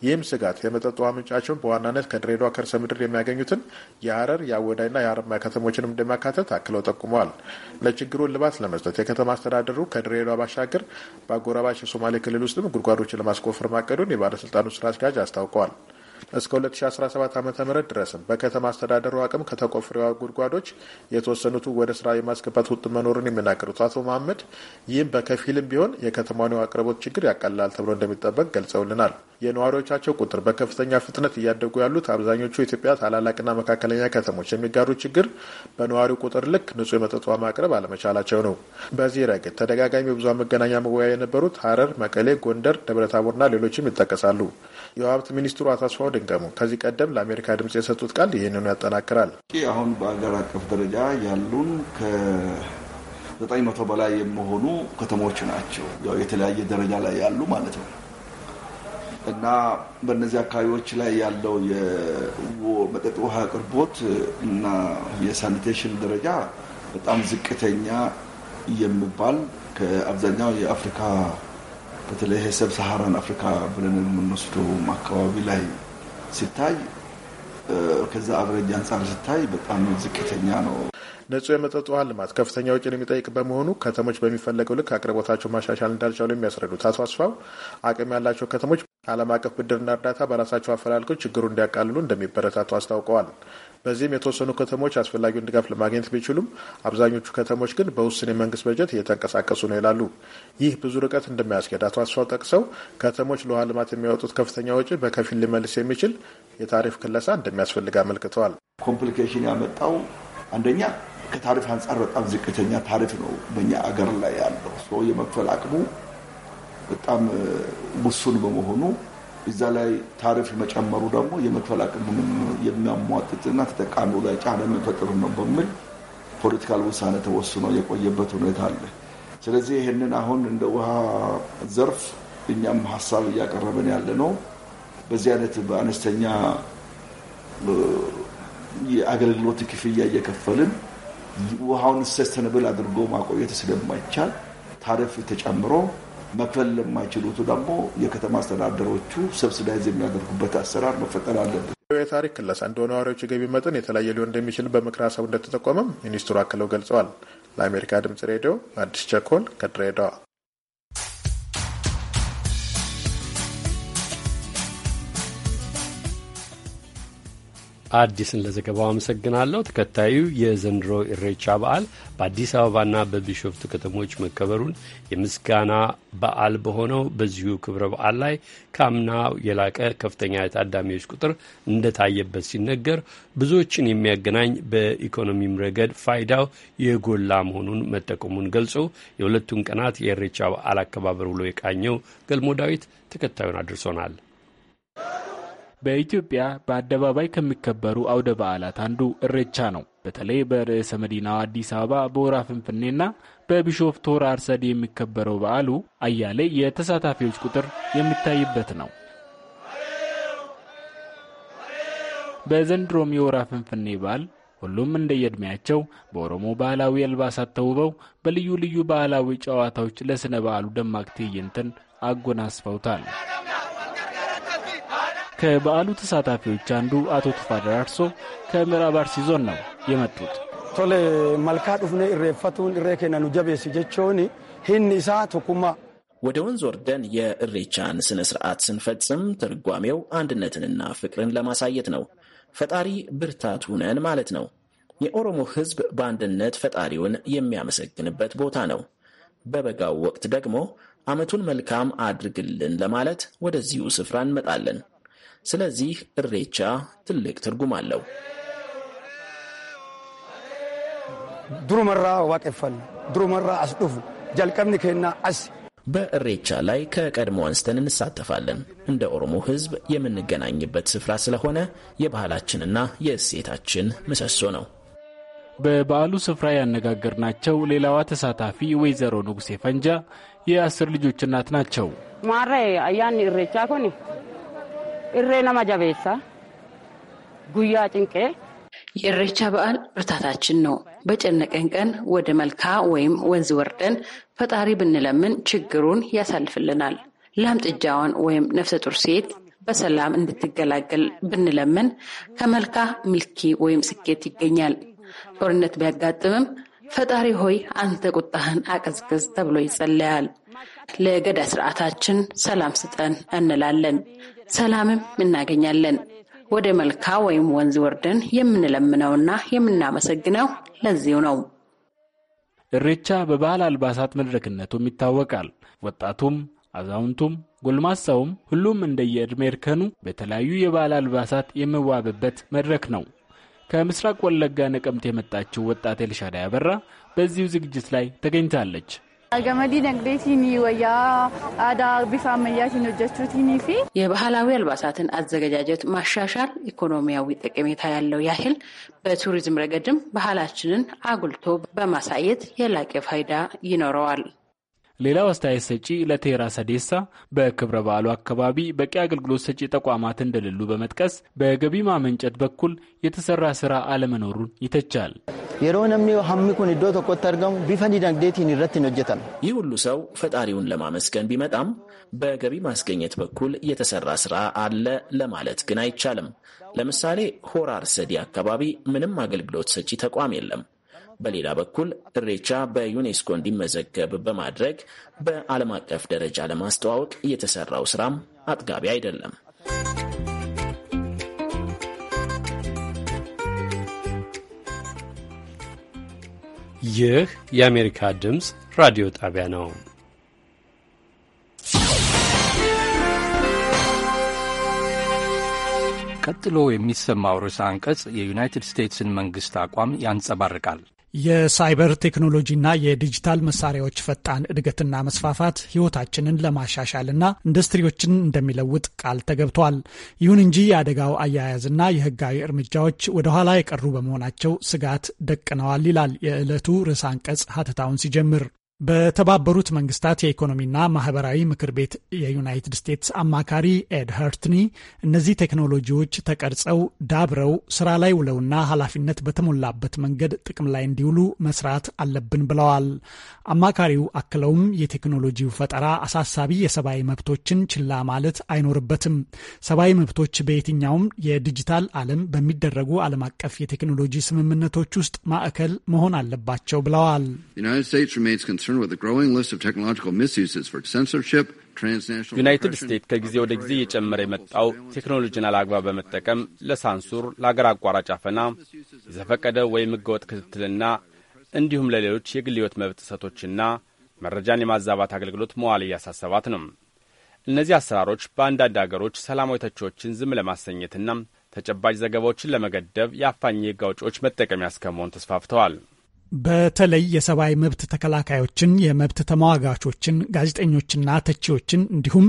ይህም ስጋት የመጠጥ ውሃ ምንጫቸውን በዋናነት ከድሬዳዋ ከርሰ ምድር የሚያገኙትን የሀረር የአወዳይና የአረማ ከተሞችንም እንደሚያካተት አክለው ጠቁመዋል። ለችግሩ እልባት ለመስጠት የከተማ አስተዳደሩ ከድሬዳዋ ባሻገር በአጎራባች የሶማሌ ክልል ውስጥም ጉድጓዶችን ለማስቆፈር ማቀዱን የባለስልጣኑ ስራ አስኪያጅ አስታውቀዋል። እስከ 2017 ዓ ም ድረስም በከተማ አስተዳደሩ አቅም ከተቆፈሩ ጉድጓዶች የተወሰኑቱ ወደ ስራ የማስገባት ውጥ መኖሩን የሚናገሩት አቶ መሀመድ ይህም በከፊልም ቢሆን የከተማኒው አቅርቦት ችግር ያቀላል ተብሎ እንደሚጠበቅ ገልጸውልናል። የነዋሪዎቻቸው ቁጥር በከፍተኛ ፍጥነት እያደጉ ያሉት አብዛኞቹ ኢትዮጵያ ታላላቅና መካከለኛ ከተሞች የሚጋሩ ችግር በነዋሪው ቁጥር ልክ ንጹህ የመጠጥ ውሃ ማቅረብ አለመቻላቸው ነው። በዚህ ረገድ ተደጋጋሚ የብዙሃን መገናኛ መወያ የነበሩት ሀረር፣ መቀሌ፣ ጎንደር፣ ደብረታቦርና ሌሎችም ይጠቀሳሉ። የውሃ ሀብት ሚኒስትሩ አቶ አስፋው ድንገሙ ከዚህ ቀደም ለአሜሪካ ድምጽ የሰጡት ቃል ይህንኑ ያጠናክራል። አሁን በአገር አቀፍ ደረጃ ያሉን ከዘጠኝ መቶ በላይ የሚሆኑ ከተሞች ናቸው ያው የተለያየ ደረጃ ላይ ያሉ ማለት ነው እና በእነዚህ አካባቢዎች ላይ ያለው የመጠጥ ውሃ አቅርቦት እና የሳኒቴሽን ደረጃ በጣም ዝቅተኛ የሚባል ከአብዛኛው የአፍሪካ በተለይ ሰብ ሰሃራን አፍሪካ ብለን የምንወስደው አካባቢ ላይ ሲታይ ከዛ አብረጅ አንጻር ሲታይ በጣም ዝቅተኛ ነው። ንጹህ የመጠጥ ውሃ ልማት ከፍተኛ ውጭ የሚጠይቅ በመሆኑ ከተሞች በሚፈለገው ልክ አቅርቦታቸው ማሻሻል እንዳልቻሉ የሚያስረዱት አቶ አስፋው አቅም ያላቸው ከተሞች አለም አቀፍ ብድርና እርዳታ በራሳቸው አፈላልገው ችግሩ እንዲያቃልሉ እንደሚበረታቱ አስታውቀዋል። በዚህም የተወሰኑ ከተሞች አስፈላጊውን ድጋፍ ለማግኘት ቢችሉም አብዛኞቹ ከተሞች ግን በውስን የመንግስት በጀት እየተንቀሳቀሱ ነው ይላሉ። ይህ ብዙ ርቀት እንደሚያስኬድ አቶ አስፋው ጠቅሰው ከተሞች ለውሃ ልማት የሚያወጡት ከፍተኛ ወጪ በከፊል ሊመልስ የሚችል የታሪፍ ክለሳ እንደሚያስፈልግ አመልክተዋል። ኮምፕሊኬሽን ያመጣው አንደኛ ከታሪፍ አንጻር በጣም ዝቅተኛ ታሪፍ ነው በኛ አገር ላይ ያለው ሰው የመክፈል አቅሙ በጣም ውሱን በመሆኑ እዛ ላይ ታሪፍ መጨመሩ ደግሞ የመክፈል አቅሙንም የሚያሟጥጥና ተጠቃሚው ላይ ጫና የሚፈጥር ነው በሚል ፖለቲካል ውሳኔ ተወስኖ የቆየበት ሁኔታ አለ። ስለዚህ ይህንን አሁን እንደ ውሃ ዘርፍ እኛም ሀሳብ እያቀረበን ያለ ነው። በዚህ አይነት በአነስተኛ የአገልግሎት ክፍያ እየከፈልን ውሃውን ሰስተንብል አድርጎ ማቆየት ስለማይቻል ታሪፍ ተጨምሮ መክፈል ለማይችሉቱ ደግሞ የከተማ አስተዳደሮቹ ሰብስዳይዝ የሚያደርጉበት አሰራር መፈጠር አለበት። የታሪክ ክለሳ እንደሆነ ነዋሪዎች የገቢ መጠን የተለያየ ሊሆን እንደሚችል በምክረ ሀሳቡ እንደተጠቆመም ሚኒስትሩ አክለው ገልጸዋል። ለአሜሪካ ድምጽ ሬዲዮ አዲስ ቸኮል ከድሬዳዋ አዲስን ለዘገባው አመሰግናለሁ። ተከታዩ የዘንድሮ ኢሬቻ በዓል በአዲስ አበባና በቢሾፍቱ ከተሞች መከበሩን የምስጋና በዓል በሆነው በዚሁ ክብረ በዓል ላይ ካምናው የላቀ ከፍተኛ የታዳሚዎች ቁጥር እንደታየበት ሲነገር ብዙዎችን የሚያገናኝ በኢኮኖሚም ረገድ ፋይዳው የጎላ መሆኑን መጠቆሙን ገልጾ የሁለቱን ቀናት የኢሬቻ በዓል አከባበር ብሎ የቃኘው ገልሞ ዳዊት ተከታዩን አድርሶናል። በኢትዮጵያ በአደባባይ ከሚከበሩ አውደ በዓላት አንዱ እሬቻ ነው። በተለይ በርዕሰ መዲናው አዲስ አበባ በወራ ፍንፍኔና በቢሾፍቱ ቶር አርሰድ የሚከበረው በዓሉ አያሌ የተሳታፊዎች ቁጥር የሚታይበት ነው። በዘንድሮም የወራ ፍንፍኔ በዓል ሁሉም እንደየዕድሜያቸው በኦሮሞ ባህላዊ አልባሳት ተውበው በልዩ ልዩ ባህላዊ ጨዋታዎች ለሥነ በዓሉ ደማቅ ትዕይንትን አጎናስፈውታል። ከበዓሉ ተሳታፊዎች አንዱ አቶ ቱፋ ደራርሶ ከምዕራብ አርሲ ዞን ነው የመጡት። ቶለ መልካ ዱፍኔ እሬፈቱን እሬ ኬነኑ ጀቾኒ ሂን ኢሳ ቶኩማ ወደ ወንዝ ወርደን የእሬቻን ስነ ስርዓት ስንፈጽም ትርጓሜው አንድነትንና ፍቅርን ለማሳየት ነው። ፈጣሪ ብርታት ሁነን ማለት ነው። የኦሮሞ ሕዝብ በአንድነት ፈጣሪውን የሚያመሰግንበት ቦታ ነው። በበጋው ወቅት ደግሞ ዓመቱን መልካም አድርግልን ለማለት ወደዚሁ ስፍራ እንመጣለን። ስለዚህ እሬቻ ትልቅ ትርጉም አለው። ድሩመራ ዋቀፈል ድሩመራ አስዱፉ ጃልቀብኒ ከና አስ በእሬቻ ላይ ከቀድሞ አንስተን እንሳተፋለን። እንደ ኦሮሞ ሕዝብ የምንገናኝበት ስፍራ ስለሆነ የባህላችንና የእሴታችን ምሰሶ ነው። በበዓሉ ስፍራ ያነጋገርናቸው ሌላዋ ተሳታፊ ወይዘሮ ንጉሴ ፈንጃ የአስር ልጆች እናት ናቸው። ማረ አያን እሬቻ ኮኒ irree nama jabeessa guyyaa የእሬቻ በዓል ብርታታችን ነው። በጨነቀን ቀን ወደ መልካ ወይም ወንዝ ወርደን ፈጣሪ ብንለምን ችግሩን ያሳልፍልናል። ላምጥጃዋን ጥጃዋን ወይም ነፍሰ ጡር ሴት በሰላም እንድትገላገል ብንለምን ከመልካ ምልኪ ወይም ስኬት ይገኛል። ጦርነት ቢያጋጥምም ፈጣሪ ሆይ አንተ ቁጣህን አቀዝቅዝ ተብሎ ይጸለያል። ለገዳ ስርዓታችን ሰላም ስጠን እንላለን። ሰላምም እናገኛለን። ወደ መልካ ወይም ወንዝ ወርደን የምንለምነውና የምናመሰግነው ለዚሁ ነው። እሬቻ በባህል አልባሳት መድረክነቱም ይታወቃል። ወጣቱም፣ አዛውንቱም፣ ጎልማሳውም ሁሉም እንደየዕድሜ እርከኑ በተለያዩ የባህል አልባሳት የሚዋብበት መድረክ ነው። ከምስራቅ ወለጋ ነቀምት የመጣችው ወጣት ኤልሻዳ ያበራ በዚሁ ዝግጅት ላይ ተገኝታለች። ገመዲ ነግዴቲን ወያ አዳ ቢፋ አመያቲን ሆጀቹቲን ፊ የባህላዊ አልባሳትን አዘገጃጀት ማሻሻል ኢኮኖሚያዊ ጠቀሜታ ያለው ያህል በቱሪዝም ረገድም ባህላችንን አጉልቶ በማሳየት የላቀ ፋይዳ ይኖረዋል። ሌላው አስተያየት ሰጪ ለቴራ ሰዴሳ በክብረ በዓሉ አካባቢ በቂ አገልግሎት ሰጪ ተቋማት እንደሌሉ በመጥቀስ በገቢ ማመንጨት በኩል የተሰራ ስራ አለመኖሩን ይተቻል። የሮ ነምኒ ሀሚ ኩን ዶ ተቆት አርገሙ ቢፈን ዲናግዴቲን ይረትን ይህ ሁሉ ሰው ፈጣሪውን ለማመስገን ቢመጣም በገቢ ማስገኘት በኩል የተሰራ ስራ አለ ለማለት ግን አይቻልም። ለምሳሌ ሆራር ሰዲ አካባቢ ምንም አገልግሎት ሰጪ ተቋም የለም። በሌላ በኩል እሬቻ በዩኔስኮ እንዲመዘገብ በማድረግ በዓለም አቀፍ ደረጃ ለማስተዋወቅ የተሰራው ስራም አጥጋቢ አይደለም። ይህ የአሜሪካ ድምፅ ራዲዮ ጣቢያ ነው። ቀጥሎ የሚሰማው ርዕሰ አንቀጽ የዩናይትድ ስቴትስን መንግሥት አቋም ያንጸባርቃል። የሳይበር ቴክኖሎጂና የዲጂታል መሳሪያዎች ፈጣን እድገትና መስፋፋት ለማሻሻል ለማሻሻልና ኢንዱስትሪዎችን እንደሚለውጥ ቃል ተገብቷል። ይሁን እንጂ የአደጋው አያያዝና የህጋዊ እርምጃዎች ወደኋላ የቀሩ በመሆናቸው ስጋት ደቅነዋል ይላል የዕለቱ ርዕሰ አንቀጽ ሀተታውን ሲጀምር። በተባበሩት መንግስታት የኢኮኖሚና ማህበራዊ ምክር ቤት የዩናይትድ ስቴትስ አማካሪ ኤድ ሀርትኒ እነዚህ ቴክኖሎጂዎች ተቀርጸው ዳብረው ስራ ላይ ውለውና ኃላፊነት በተሞላበት መንገድ ጥቅም ላይ እንዲውሉ መስራት አለብን ብለዋል። አማካሪው አክለውም የቴክኖሎጂው ፈጠራ አሳሳቢ የሰብአዊ መብቶችን ችላ ማለት አይኖርበትም። ሰብአዊ መብቶች በየትኛውም የዲጂታል ዓለም በሚደረጉ ዓለም አቀፍ የቴክኖሎጂ ስምምነቶች ውስጥ ማዕከል መሆን አለባቸው ብለዋል። ዩናይትድ ስቴትስ ከጊዜ ወደ ጊዜ እየጨመረ የመጣው ቴክኖሎጂን አላግባብ በመጠቀም ለሳንሱር፣ ለአገር አቋራጭ አፈና፣ የዘፈቀደ ወይም ህገወጥ ክትትልና እንዲሁም ለሌሎች የግል ሕይወት መብት ጥሰቶችና መረጃን የማዛባት አገልግሎት መዋል እያሳሰባት ነው። እነዚህ አሰራሮች በአንዳንድ አገሮች ሰላማዊ ተቺዎችን ዝም ለማሰኘትና ተጨባጭ ዘገባዎችን ለመገደብ የአፋኝ ሕግ አውጪዎች መጠቀሚያ እስከመሆን ተስፋፍተዋል። በተለይ የሰብአዊ መብት ተከላካዮችን፣ የመብት ተሟጋቾችን፣ ጋዜጠኞችና ተቺዎችን እንዲሁም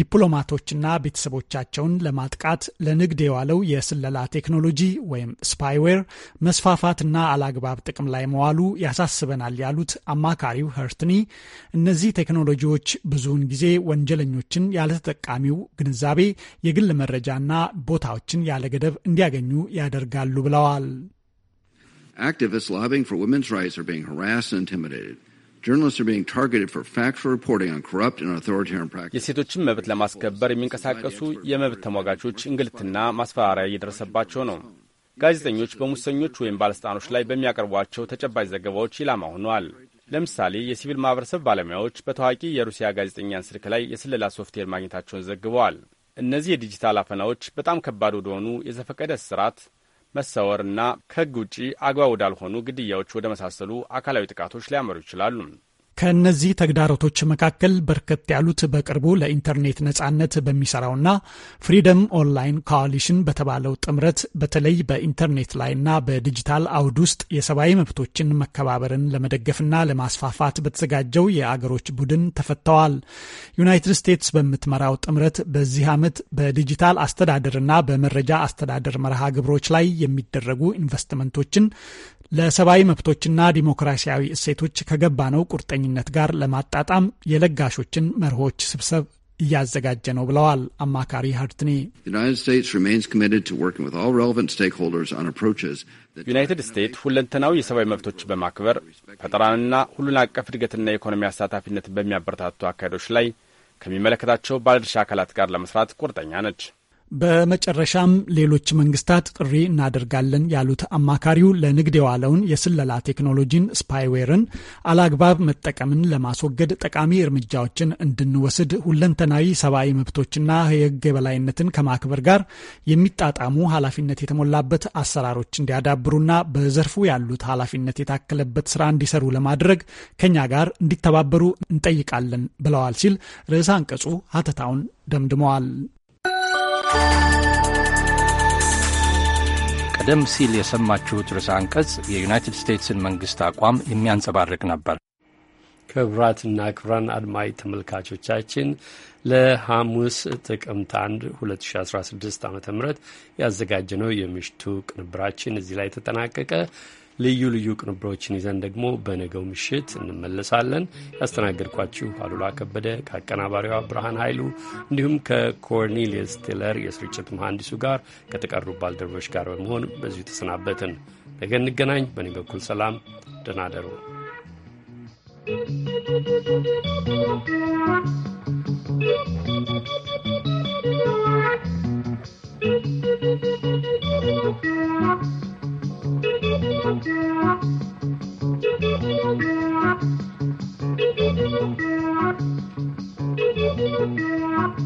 ዲፕሎማቶችና ቤተሰቦቻቸውን ለማጥቃት ለንግድ የዋለው የስለላ ቴክኖሎጂ ወይም ስፓይዌር መስፋፋትና አላግባብ ጥቅም ላይ መዋሉ ያሳስበናል ያሉት አማካሪው ኸርትኒ እነዚህ ቴክኖሎጂዎች ብዙውን ጊዜ ወንጀለኞችን ያለተጠቃሚው ግንዛቤ የግል መረጃና ቦታዎችን ያለገደብ እንዲያገኙ ያደርጋሉ ብለዋል። Activists lobbying for women's rights are being harassed and intimidated. የሴቶችን መብት ለማስከበር የሚንቀሳቀሱ የመብት ተሟጋቾች እንግልትና ማስፈራሪያ እየደረሰባቸው ነው። ጋዜጠኞች በሙሰኞች ወይም ባለሥልጣኖች ላይ በሚያቀርቧቸው ተጨባጭ ዘገባዎች ኢላማ ሆነዋል። ለምሳሌ የሲቪል ማኅበረሰብ ባለሙያዎች በታዋቂ የሩሲያ ጋዜጠኛን ስልክ ላይ የስለላ ሶፍትዌር ማግኘታቸውን ዘግበዋል። እነዚህ የዲጂታል አፈናዎች በጣም ከባድ ወደሆኑ የዘፈቀደ እስራት መሰወርና ከህግ ውጪ አግባብ ወዳልሆኑ ግድያዎች ወደ መሳሰሉ አካላዊ ጥቃቶች ሊያመሩ ይችላሉ። ከእነዚህ ተግዳሮቶች መካከል በርከት ያሉት በቅርቡ ለኢንተርኔት ነጻነት በሚሰራውና ፍሪደም ኦንላይን ኮአሊሽን በተባለው ጥምረት በተለይ በኢንተርኔት ላይና በዲጂታል አውድ ውስጥ የሰብአዊ መብቶችን መከባበርን ለመደገፍና ለማስፋፋት በተዘጋጀው የአገሮች ቡድን ተፈተዋል። ዩናይትድ ስቴትስ በምትመራው ጥምረት በዚህ ዓመት በዲጂታል አስተዳደርና በመረጃ አስተዳደር መርሃ ግብሮች ላይ የሚደረጉ ኢንቨስትመንቶችን ለሰብአዊ መብቶችና ዲሞክራሲያዊ እሴቶች ከገባነው ቁርጠኝነት ጋር ለማጣጣም የለጋሾችን መርሆች ስብሰብ እያዘጋጀ ነው ብለዋል አማካሪ ሀርትኒ። ዩናይትድ ስቴትስ ሁለንተናዊ የሰብአዊ መብቶች በማክበር ፈጠራንና ሁሉን አቀፍ እድገትና የኢኮኖሚ አሳታፊነትን በሚያበረታቱ አካሄዶች ላይ ከሚመለከታቸው ባለድርሻ አካላት ጋር ለመስራት ቁርጠኛ ነች። በመጨረሻም ሌሎች መንግስታት ጥሪ እናደርጋለን ያሉት አማካሪው ለንግድ የዋለውን የስለላ ቴክኖሎጂን ስፓይዌርን አላግባብ መጠቀምን ለማስወገድ ጠቃሚ እርምጃዎችን እንድንወስድ ሁለንተናዊ ሰብአዊ መብቶችና የሕግ የበላይነትን ከማክበር ጋር የሚጣጣሙ ኃላፊነት የተሞላበት አሰራሮች እንዲያዳብሩና በዘርፉ ያሉት ኃላፊነት የታከለበት ስራ እንዲሰሩ ለማድረግ ከኛ ጋር እንዲተባበሩ እንጠይቃለን ብለዋል ሲል ርዕሰ አንቀጹ ሀተታውን ደምድመዋል። ቀደም ሲል የሰማችሁት ርዕሰ አንቀጽ የዩናይትድ ስቴትስን መንግሥት አቋም የሚያንጸባርቅ ነበር። ክቡራትና ክቡራን አድማጭ ተመልካቾቻችን ለሐሙስ ጥቅምት 1 2016 ዓ ም ያዘጋጀነው የምሽቱ ቅንብራችን እዚህ ላይ ተጠናቀቀ። ልዩ ልዩ ቅንብሮችን ይዘን ደግሞ በነገው ምሽት እንመለሳለን። ያስተናገድኳችሁ አሉላ ከበደ ከአቀናባሪዋ ብርሃን ኃይሉ እንዲሁም ከኮርኔሊየስ ቴለር የስርጭት መሐንዲሱ ጋር ከተቀሩ ባልደረቦች ጋር በመሆን በዚሁ ተሰናበትን። ነገ እንገናኝ። በእኔ በኩል ሰላም፣ ደህና you. Thank you.